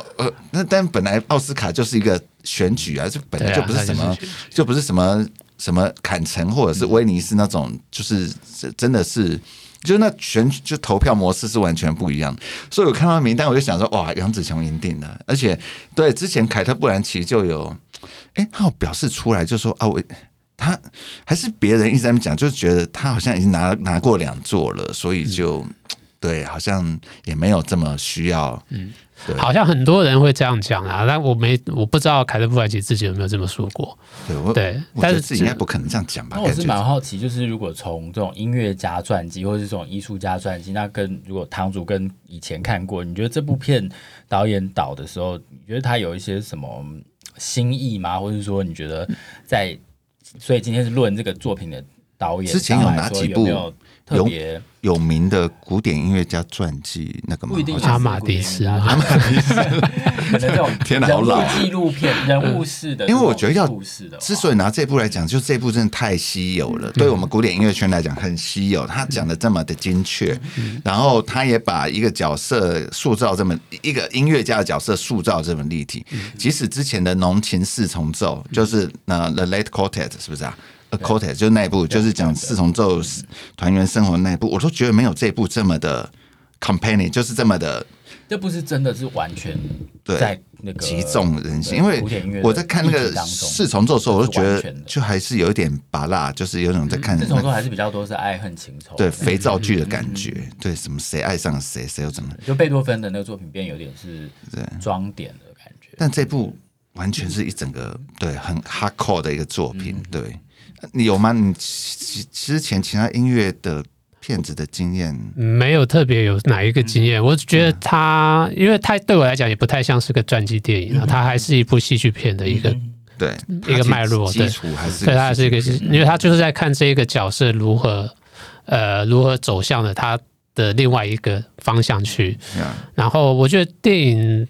那但本來奧斯卡就是一個選舉啊，這本來就不是什麼，就不是什麼什麼坎城或者是威尼斯那種，就是真的是，就是那選就投票模式是完全不一樣。所以我看到名單，我就想說，哇，楊紫瓊贏定了，啊。而且對之前凱特·布蘭奇就有，哎，他有表示出來，就說啊，我。他還是別人一直在講，就是覺得他好像已經拿拿過兩座了，所以就、嗯、對，好像也沒有這麼需要。嗯，對好像很多人會這樣講啊，但我沒我不知道凱特布蘭奇自己有沒有這麼說過。對，對，但是自己應該不可能這樣講吧？是就是、我是蠻好奇，就是如果從這種音樂家傳記，或者這種藝術家傳記，那跟如果堂主跟以前看過，你覺得這部片導演導的時候，嗯、你覺得他有一些什麼新意嗎？或者說，你覺得在？嗯所以今天是論這個作品的導演，之前有哪幾部？有有名的古典音樂家傳記，那個嗎？阿瑪迪斯啊，阿瑪迪斯，天哪，好老！紀錄片人物式的，因為我覺得要之所以拿這部來講，就這部真的太稀有了。對我們古典音樂圈來講，很稀有。他講得這麼的精確，然後他也把一個角色塑造這麼一個音樂家的角色塑造這麼立體。即使之前的《濃情四重奏》，就是那《The Late Quartet》，是不是啊？A Quote 就是那部，就是講四重奏團員生活那部，我都覺得沒有這部這麼的 company，就是這麼的。這不是真的是完全在那個擊中人心，因為我在看那個四重奏的時候，我都覺得就還是有一點芭樂，就是有種在看四重奏還是比較多是愛恨情仇，對肥皂劇的感覺，對什麼誰愛上誰，誰又怎麼就貝多芬的那個作品變有點是裝點的感覺，但這部完全是一整個對很 hardcore 的一個作品，對。你有嗎？你之前其他音樂的片子的經驗沒有特別有哪一個經驗？嗯、我覺得他，嗯、因為他對我來講也不太像是個傳記電影，嗯、然後，他還是一部戲劇片的一個對，嗯嗯、一個脈絡的基礎，還是對，對，他還是一個，因為他就是在看這一個角色如何，嗯、呃如何，走向了他的另外一個方向去。嗯嗯、然後我覺得電影。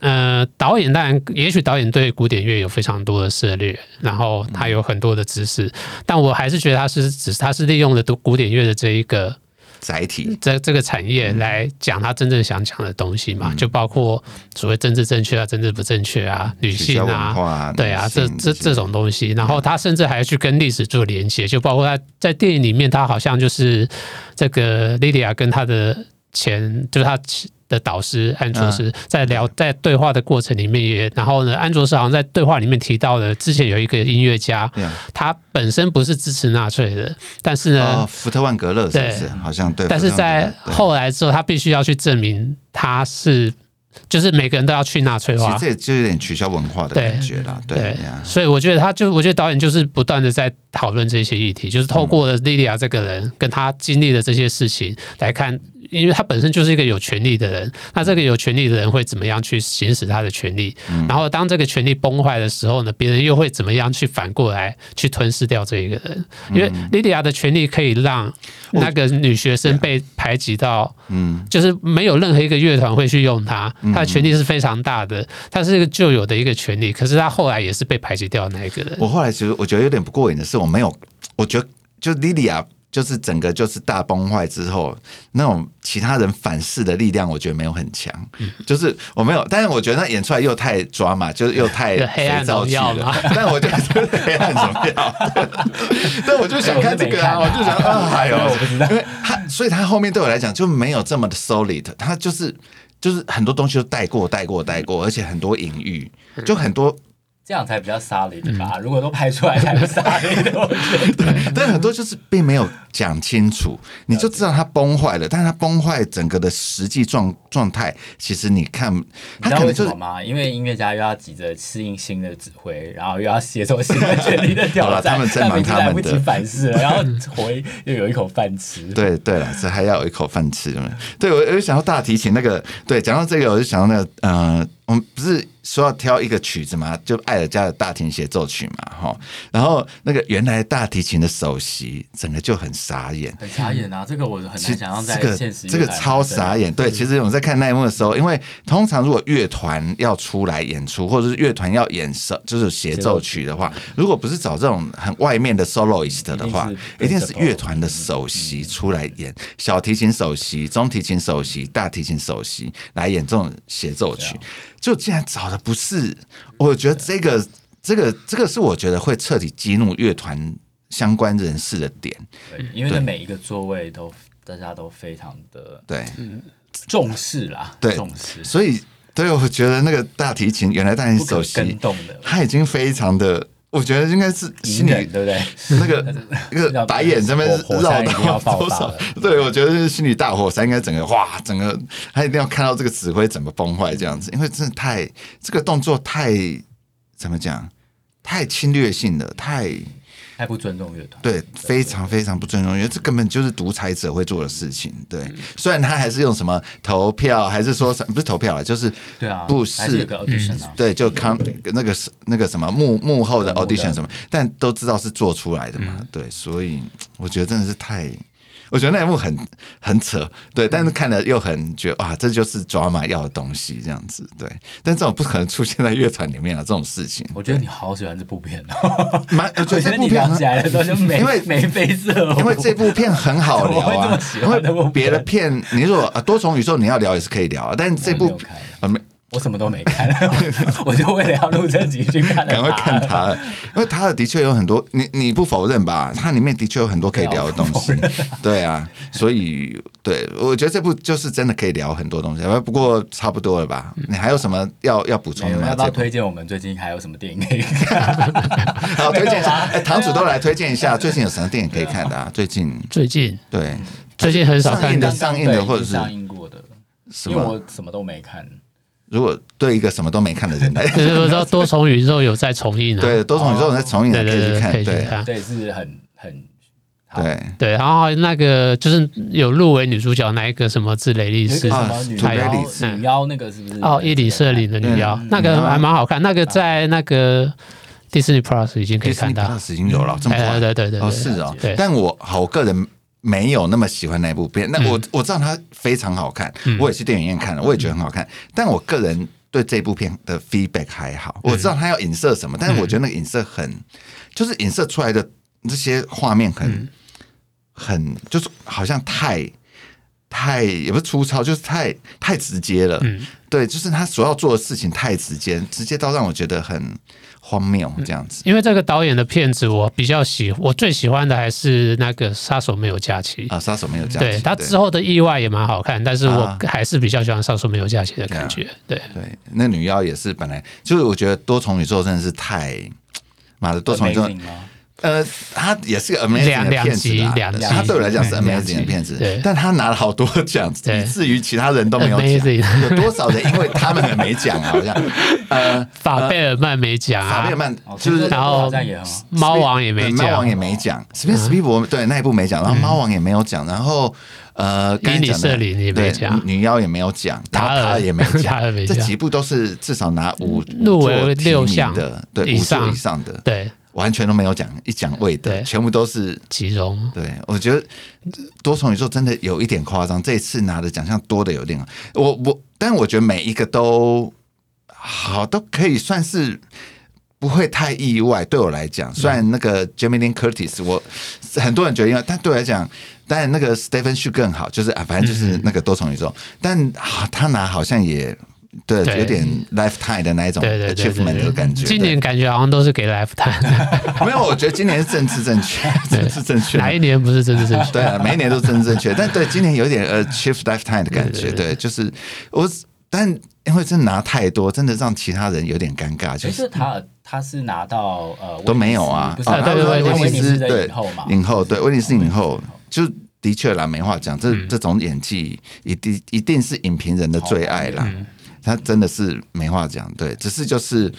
呃，導演當然，也許導演對古典樂有非常多的涉獵，然後他有很多的知識，嗯、但我還是覺得他是只是他是利用了讀古典樂的這一個載體，這這個產業來講，他真正想講的東西嘛，嗯、就包括所謂政治正確啊、政治不正確啊、嗯、女性啊，啊對啊，女性 這這這種東西，性然後他甚至還要去跟歷史做連接，就包括他在電影裡面，他好像就是這個莉迪亞跟他的前，就是他前。的導師安卓斯在聊，在對話的過程裡面也，然後呢，安卓斯好像在對話裡面提到了，之前有一個音樂家，他本身不是支持納粹的，但是呢，福特萬格勒是不是？好像對。但是在後來之後，他必須要去證明他是，就是每個人都要去納粹化，其實這也就有點取消文化的感覺了，對。所以我覺得他，就我覺得導演就是不斷的在。討論這些議題，就是透過莉莉亞這個人跟她經歷的這些事情來看，因為她本身就是一個有權力的人。那這個有權力的人會怎麼樣去行使他的權力？嗯、然後當這個權力崩壞的時候呢，別人又會怎麼樣去反過來去吞噬掉這一個人？因為莉莉亞的權力可以讓那個女學生被排擠到，嗯我，就是沒有任何一個樂團會去用她。她的權力是非常大的，她是一個舊有的一個權力。可是她後來也是被排擠掉的那一個人。我後來其實我覺得有點不過癮的是。我沒有，我覺得就莉莉亞，就是整個就是大崩壞之後，那種其他人反噬的力量，我覺得沒有很強。嗯、就是我沒有，但是我覺得他演出來又太抓馬，就是又太黑暗重，但我就覺得黑暗怎麼樣？ 但我就想看這個看啊，我就想，哎呦，我不知道，因為他，所以他後面對我來講就沒有這麼的 solid，他就是就是很多東西都帶過，帶過，帶過，而且很多隱喻，就很多。這樣才比較沙雷的吧？嗯、如果都拍出來，才不沙雷的。 對，但很多就是並沒有講清楚，嗯、你就知道它崩壞了，但是它崩壞整個的實際狀狀態，其實你看，它可能是好嗎？因為音樂家又要急着適應新的指揮，然後又要接受新的、全新的挑戰。 好了，他們真忙，他們來不及反思，嗯、然後回又有一口飯吃。對對了，這還要有一口飯吃對。對，我就想到大提琴那個。對，講到這個，我就想到那個，嗯、呃。我們不是說要挑一個曲子嘛？就艾爾加的大提琴協奏曲嘛，哈。然後那個原來大提琴的首席，整個就很傻眼，很傻眼啊！嗯、這個我很難想象。現實、這個、這個超傻眼。對，對就是、其實我們在看那一幕的時候，因為通常如果樂團要出來演出，或者是樂團要演就是協奏曲的話，如果不是找這種很外面的 soloist 的話，一定, able, 一定是樂團的首席出來演，嗯、小提琴首席、嗯、中提琴首席、大提琴首席來演這種協奏曲。就竟然找的不是，我覺得這個對這個這個是我覺得會徹底激怒樂團相關人士的點，對，因為每一個座位都大家都非常的對、嗯、重視啦，對重視對。所以，對我覺得那個大提琴，原來大提琴首席，是不可撼動的，他已經非常的。我覺得應該是心理，對不對？那個那個白眼這邊是繞到多少？對，我覺得是心理大火山，應該整個哇，整個他一定要看到這個指揮怎麼崩壞這樣子，因為真的太這個動作太怎麼講？太侵略性的太。太不尊重樂團，對，對非常非常不尊重樂團，對，這根本就是獨裁者會做的事情。對，嗯、雖然他還是用什麼投票，還是說什麼不是投票啊，就是對啊，不是、是、啊嗯、對，就看、嗯、那個是那個什麼幕幕後的 audition 什麼，嗯、但都知道是做出來的嘛。嗯、對，所以我覺得真的是太。我覺得那一幕很很扯，對，但是看了又很覺得哇，這就是 drama 要的東西這樣子，對，但這種不可能出現在樂團裡面啊，這種事情。我覺得你好喜歡這部片哦、喔，蠻我覺得這部片很因為飛色，因為這部片很好聊啊，因為別的片，你如果啊多重宇宙你要聊也是可以聊，啊，但這部啊沒、呃、沒。我什麼都沒看，我就為了要錄這集去看。趕快看他，因為他的的確有很多，你你不否認吧？他裡面的確有很多可以聊的東西，對啊，所以對我覺得這部就是真的可以聊很多東西。不過差不多了吧？你還有什麼要要補充的嗎？要推薦我們最近還有什麼電影可以看？好，推薦一下哎，堂主都來推薦一下最近有什麼電影可以看的啊？最近最近對最近很少看的上映的或者是上映過的，因為我什麼都沒看。如果對一個什麼都沒看的人，對，我知道多重宇宙有在重映，對，多重宇宙有在重映，可以去看，對，對，對，對，對對。然後那個就是有入圍女主角那一個什麼，之雷莉斯，什麼女妖女妖，那個是不是？哦，伊麗舍里的女妖，那個還蠻好看，那個在那個迪士尼 Plus 已經可以看到，已經有了，這麼對對對對，是啊，但我好，個人，沒有那麼喜歡那部片，那我、嗯、我知道它非常好看，我也去電影院看了，嗯、我也覺得很好看。但我個人對這部片的 feedback 還好，我知道他要影射什麼，嗯、但是我覺得那影射很，嗯、就是影射出來的那些畫面很，嗯、很就是好像太太也不是粗糙，就是太太直接了。嗯、對，就是他所要做的事情太直接，直接到讓我覺得很。荒謬這樣子，嗯，因為這個導演的片子我比較喜，我最喜歡的還是那個《殺手沒有假期》啊，《殺手沒有假期》對。對、嗯、他之後的意外也蠻好看，啊、但是我還是比較喜歡《殺手沒有假期》的感覺。啊、對對，那女妖也是本來就是，我覺得多重宇宙真的是太，媽的多重宇宙。呃，他也是個 amazing 的片子，他對我來講是 amazing 的片子，但他拿了好多獎，以至於其他人都沒有獎。有多少人？因為他們沒獎啊，好像呃，法貝爾曼沒獎，法貝爾曼就是，然後貓王也沒獎，貓王也沒獎史匹、史匹柏對那一部沒獎，然後貓王也沒有獎，然後呃，該你這裡你沒獎，女妖也沒有獎，塔爾也沒有獎，這幾部都是至少拿五入六名的，對，五座以上的對。完全都沒有講一講味道，對全部都是其中。對我覺得多重宇宙真的有一點誇張，這一次拿的獎項多的有點。我我，但我覺得每一個都好，都可以算是不會太意外。對我來講，雖然那個 Jamie Lee Curtis，我很多人覺得，因為他對我來講，但那個 Stephanie Hsu 更好，就是啊，反正就是那個多重宇宙，嗯、但、啊、他拿好像也。對，有點 lifetime 的那一種，對對 achievement 的感覺。今年感覺好像都是給 lifetime 的。沒有，我覺得今年是政治正確，政治正確。哪一年不是政治正確？對啊，每一年都是政治正確。但對今年有點呃 chief lifetime 的感覺，對，就是我，但因為真的拿太多，真的讓其他人有點尷尬。其實他他是拿到呃都沒有啊，不是對對對，威尼斯影后嘛，影后對威尼斯影後，就的確啦，沒話講，這這種演技，一定一定是影評人的最愛啦。他真的是沒話講，對，只是就是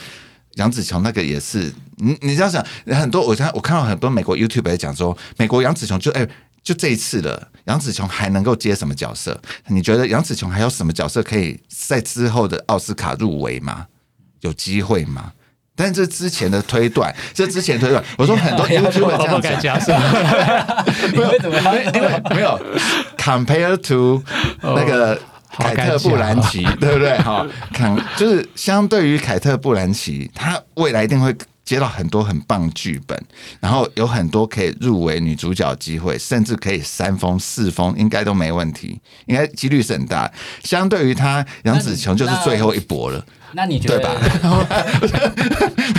楊紫瓊那個也是，你你要想很多，我看我看到很多美國 YouTuber 在講說，美國楊紫瓊就哎、欸、就這一次了，楊紫瓊還能夠接什麼角色？你覺得楊紫瓊還有什麼角色可以在之後的奧斯卡入圍嗎？有機會嗎？但這之前的推斷，這 之前推斷， 我說很多 YouTuber 這樣講，沒有，沒有，compare to 那個。Oh. 凱特·布蘭奇，哦、 對不對？哈，看就是相對於凱特·布蘭奇，她未來一定會接到很多很棒劇本，然後有很多可以入圍女主角機會，甚至可以三封四封，應該都沒問題，應該幾率是很大。相對於她，楊紫瓊就是最後一搏了。那你覺得對吧？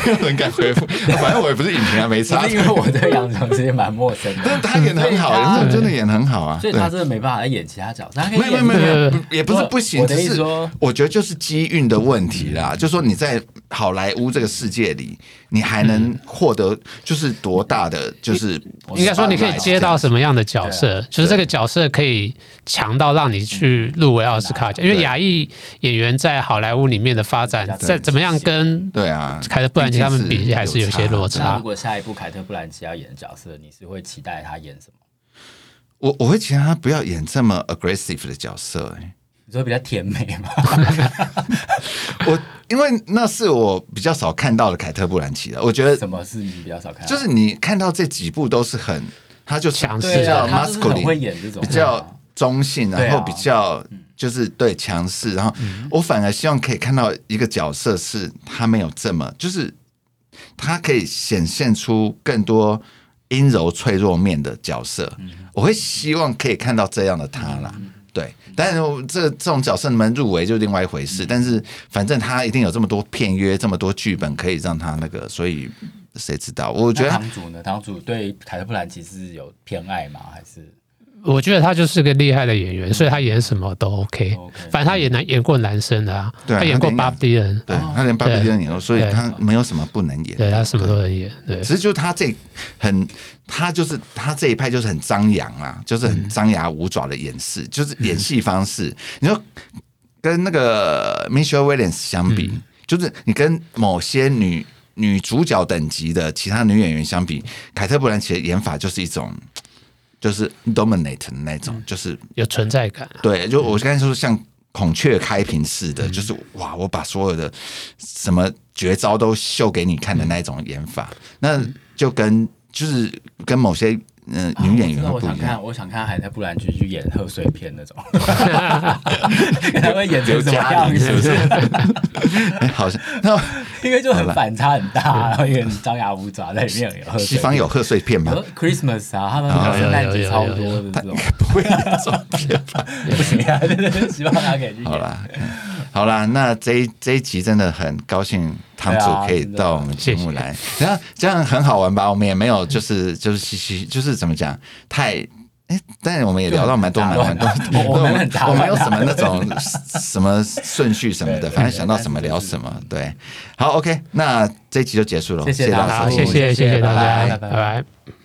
沒有人敢回復，反正我也不是影評啊，沒差。因為我對楊紫瓊其實蠻陌生的，但他演的很好，真的演很好啊。所以，他真的沒辦法來演其他角色。沒有，沒有，沒有，也不是不行。我是說，我覺得就是機運的問題啦。就是說你在好萊塢這個世界裡，你還能獲得就是多大的就是應該說，你可以接到什麼樣的角色？就是這個角色可以強到讓你去入圍奧斯卡獎，因為亞裔演員在好萊塢裡面的發在怎麼樣跟對啊凱特布蘭奇他們比還是有些落差。對如果下一部凱特布蘭奇要演的角色，你是會期待他演什麼？我我會期待他不要演這麼 aggressive 的角色。欸，哎，你說比較甜美嗎？ 我因為那是我比較少看到的凱特布蘭奇的，我覺得什麼是你比較少看？就是你看到這幾部都是很，他就強勢，你會演這種比較中性，然後比較。就是對，強勢，然後我反而希望可以看到一個角色，是他沒有這麼，就是他可以顯現出更多陰柔脆弱面的角色。嗯、我會希望可以看到這樣的他啦，嗯嗯、對。但是這這種角色你們入圍就另外一回事。嗯、但是反正他一定有這麼多片約，這麼多劇本，可以讓他那個，所以誰知道？我覺得堂主呢，堂主對凱特·布蘭奇是有偏愛嗎？還是？我覺得他就是個厲害的演員，所以他演什麼都 OK。反正他演男演過男生的啊，他演過 Bob Dylan，對，他連 Bob Dylan 演過，所以他沒有什麼不能演。對，他什麼都能演，對，只是就他這很，他就是他這一派就是很張揚啊，就是很張牙舞爪的演戲，就是演戲方式。你說跟那個 Michelle Williams 相比，就是你跟某些女女主角等級的其他女演員相比，凱特·布蘭奇的演法就是一種。就是 dominate 的那種，嗯、就是有存在感。啊。對，就我剛才說，像孔雀開屏似的，嗯、就是哇，我把所有的什麼絕招都秀給你看的那種演法，嗯、那就跟就是跟某些。嗯，永遠永遠。我想看，我想看凱特布蘭琪去演賀歲片那種，他會演成什麼樣？是不是？好像那應該就很反差很大，然後也很張牙舞爪在裡面。有西方有賀歲片嗎？Christmas 啊，他們聖誕節超多的這種。不會那種片吧？不會啊，真的，西方哪裡有？好了。好啦，那這一這一集真的很高興，堂主可以到我們節目來，然後、啊、這樣很好玩吧？我們也沒有就是就是嘻嘻，就是怎麼講太哎、欸，但是我們也聊到蠻多蠻對多蠻多，我我沒有什麼那種什麼順序什麼的，對對對，反正想到什麼聊什麼。對，好，OK，那這一集就結束了，謝謝大家，謝謝謝謝大家，拜拜。拜拜。